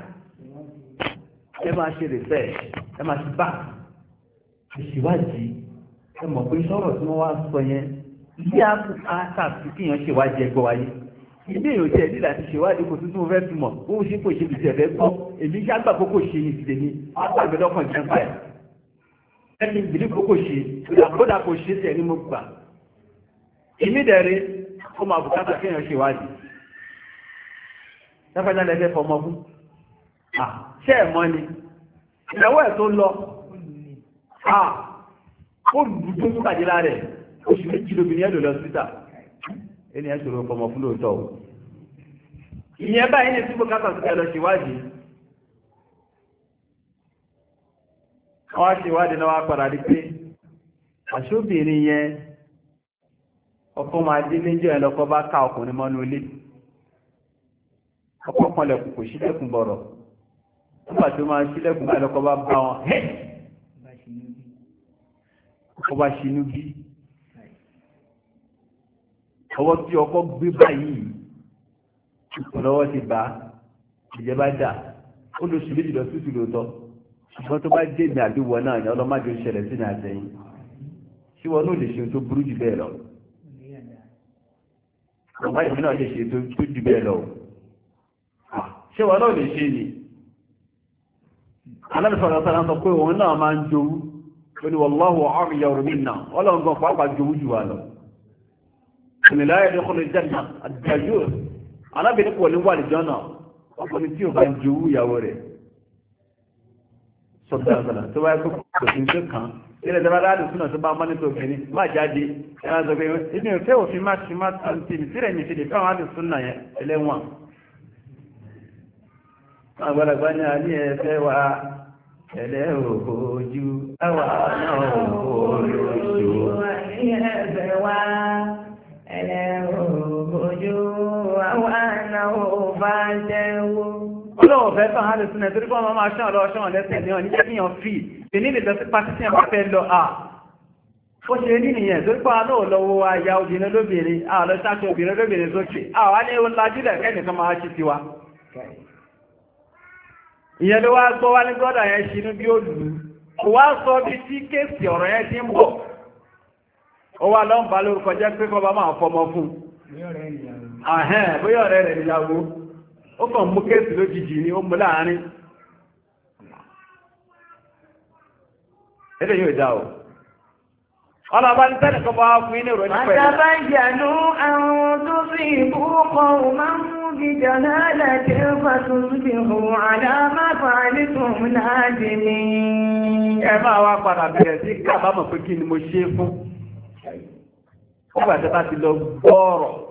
ẹ máa ṣe research ẹ máa ṣe bá ìṣèwádìí ẹ mọ̀ pé sọ̀rọ̀ tí wọ́n wá sọ yẹn ilé àkàtà tí kìyàn ṣèwádìí ẹgbọ́ wáyé ilé ìròyìn tẹ̀ nílà ti ṣèwádìí kò tuntun fẹ́ fi mọ̀ ó ṣe kò ṣe bìtẹ̀ fẹ́ gbọ́ èmi ṣáàgbà kókò ṣe ní ti tèmi àgbàgbẹ́dọ́kàn jẹ́ fà ẹ̀ ẹni ìdílé kókò ṣe kódà kò ṣe tẹ̀ ní mo gbà èmi dẹ̀rẹ̀ ó máa bùkátà kéèyàn ṣèwádìí láfẹ́dá lẹ́fẹ́ fọmọ fún ṣe ẹ̀mọ́ ni ìyàwó ẹ̀ tó lọ ó lù tó múkàdé láàrẹ̀ oṣù méjì lóbìnrin ẹ̀lò lọ síta ẹni ẹ̀ ṣòro ọmọ fún lóòótọ́ o ìyẹn báyìí ní sípò kápá sí ẹlọ ṣèwádìí wọ́n ṣèwádìí náà wá padà rí pé àṣóbìnrin yẹn ọkọ máa dé méjì ẹ̀ lọ́kọ́ bá ká ọkùnrin mọ́nú ilé ọkọ̀ pọ̀lẹ̀kùn kò ṣílẹ̀kùn bọ̀rọ̀ nígbà tó máa sílẹ̀kùn bá lọ́kọ́ bá bá wọn hẹ́ ọkọ̀ bá ṣinú bí ọwọ́ tí ọkọ̀ gbé báyìí ọlọ́wọ́ ti bá ìjẹba dà ó lọ sí méjì lọ tútù lóòótọ́ ṣùgbọ́n tó bá dé ní àdúgbò náà ni ọlọ́mọdé ó ṣẹlẹ̀ sí ní àtẹ̀yìn tí wọn náà lè ṣe tó burú jù bẹ́ẹ̀ lọ ọ̀pá ìpínlẹ̀ lè ṣe tó jù bẹ́ẹ̀ lọ ṣé wọn náà lè ṣe ni alábìsọ̀rọ̀ sára sọ pé òun náà máa ń jowú ó ní wọ́láhù àríyà òrùmínà ọlọ́ngan pàápàá jowú jù wà lọ ìnìláyà ní ọkùnrin jẹ́nà àjàjú alábìnrin pọ̀ ní wà ní jọ́nà ọkùnrin tí ò bá ń jowú ìyàwó rẹ̀ sọ̀tàlá tó wáyé kókò sí tó kàn ilẹ̀ ìjọba aláàdì súnà tó bá mọ́ nípa obìnrin má jáde ẹran sọ pé ibi ìfẹ́ òfin má ti má ti mi sílẹ̀ mi sílẹ̀ fáwọn aláàdì súnà yẹn ẹlẹ́wọ̀n àgbàlagbà ní alẹ́ ẹ̀fẹ́ wa ẹ̀lẹ́ òbójú àwa náà òbójú ẹ̀bẹ̀ wá náà òbá jẹ́wó. ọlọ́wọ́ fẹ́ tán á lè sinẹ̀ torí máa ṣán ọlọ́wọ́ ṣán ọ̀lẹ́sẹ̀ ní ọ̀ní jẹ́ kíyàn fi tèmi lè sí pàṣẹ tí lọ ó ṣe nìyẹn náà lọ́wọ́ aya obìnrin lóbìnrin àlọ́ sáṣọ obìnrin lóbìnrin sókè àwọn ní ó ìyẹn ló wá gbọ́ wá ní gbọ́dọ̀ yẹn ṣinú bí ó lù ú kò wá sọ bí tí kéèsì ọ̀rọ̀ yẹn ti ń bọ̀ ó wá lọ́n bá lórúkọ jẹ́ pé kọba máa fọmọ fún bóyá ọ̀rẹ́ rẹ̀ níyàwó ó kàn mú kéèsì lójijì ni ó mú láàárín ẹ̀dẹ̀ yóò dá o ọlọ́ba ní sẹ́ni kan bá fún yín ní ìròyìn pẹ̀lú. àtàbà ìjànú àwọn tó fi ìbúkọ máa ń mú gíga lálẹ́ tí ó bá tún fi hùn àdámáfà nítòun náà dì ní. ẹ máa wá padà bẹ̀rẹ̀ sí kábàámọ̀ pé kí ni mo ṣe fún. ó gbàdúrà ti lọ gbọ́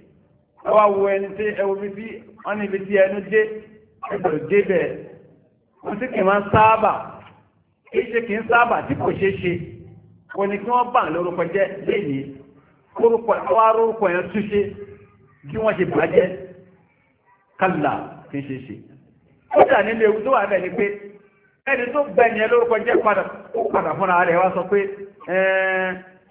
ẹwà wo ẹni tí ẹwọ bíbí wọn níbi tí ẹnu dé ẹgbẹ̀rún dé bẹ́ẹ̀ wọn sì kì í máa ń sáábà kì í ṣe kì í sáábà tí kò ṣeé ṣe ni kí bà lórúkọ orúkọ yẹn ṣe kì í ṣe ṣe ó ewu tó wà bẹ́ẹ̀ ni pé ẹni tó gbẹ̀yìn lórúkọ jẹ́ padà ó padà fúnra rẹ̀ wá sọ pé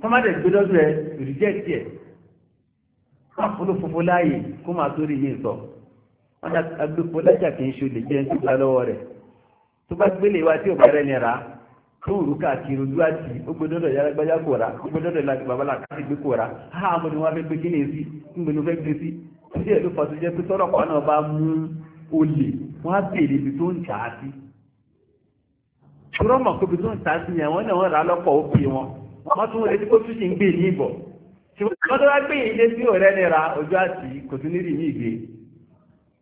tọ́mádé gbẹdọ́dọ̀ ẹ rìjẹ́tì ẹ̀ wọ́n fúnú funfun láàyè kó máa sórí yìí sọ wọ́n kì í ṣe olè jẹ́ lọ́wọ́ rẹ̀ tó bá gbélé wa tí ni ra tó káàkiri ojú àti yàrá kò ra ha mo ni gbé kíni sí gbé sí wọ́n tún retí kó tún sì ń gbé ní ìbọ̀ ṣùgbọ́n tó bá gbé yìí dé sí ọ̀rẹ́ nira ojú àti kò tún nírì ní ìgbé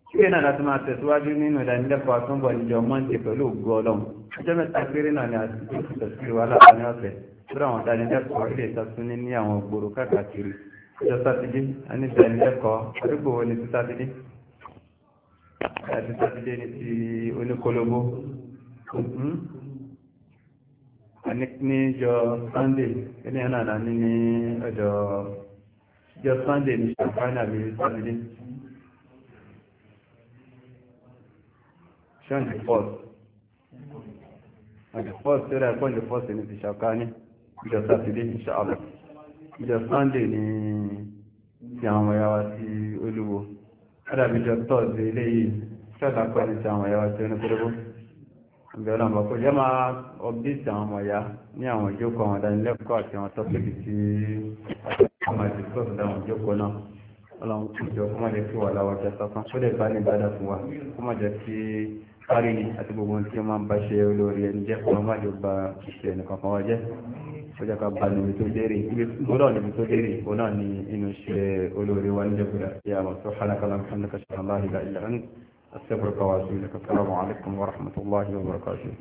ṣíwé náà láti máa tẹ̀síwájú nínú ìdánilẹ́kọ̀ọ́ àtúnbọ̀ níjọ mọ́ǹdé pẹ̀lú ògo ọlọ́run ọjọ́ mẹ́ta péré náà ni àti ìtẹ̀síwájú wà láàárín ọ̀sẹ̀ tó àwọn ìdánilẹ́kọ̀ọ́ ilé ìtasún ní àwọn ògbòrò káàkiri ọjọ́ sátidé a ní ìdánilẹ́kọ̀ọ́ àdúgbò wo ni ti sátidé àti sátidé ni níjọ sunday ilé ẹ̀nà náà ní ní ọjọ́ jọ sunday ní ṣàfáìnà àbí saturday ṣọ́n the first on the first tẹ́rẹ ẹ̀kọ́ the first ní ti ṣàkáni ìjọ saturday ní ṣàlọ́ ìjọ sunday ní ti àwọn ọmọ yàwá sí olúwo adàbíjọ thursday ilé yìí ṣọ́ọ̀dà pẹ̀lú ti àwọn ọmọ yàwá sí onípẹ̀lẹ́gbọ́ ìbẹ̀rẹ̀ ọmọ kò jẹ́ máa ọbíìsì àwọn ọmọ ya ní àwọn ìjókòó àwọn ìdánilẹ́kọ̀ọ́ àti àwọn tọ́pìkì tí àwọn ìdíkọ̀ ìdáwọn ìjókòó náà ọlọ́run kò jọ kó má jẹ́ kí wà láwọ̀ jẹ́ sọ́kàn kó lè bá ní ìbádà fún wa kó má jẹ́ kí kárí ni àti gbogbo ohun tí ó máa ń bá ṣe olórí ẹni jẹ́ kó má jọ ba ìṣe ẹnì kankan wa jẹ́ kó jẹ́ ká ba níbi tó dérè gbọ́dọ̀ níbi tó dérè òun náà ni inú ṣe olórí wa níjẹ́ gbọ́dọ̀ sí àwọn tó hálákàlà ń fún ní kàṣà استبرك واسمك السلام عليكم ورحمة الله وبركاته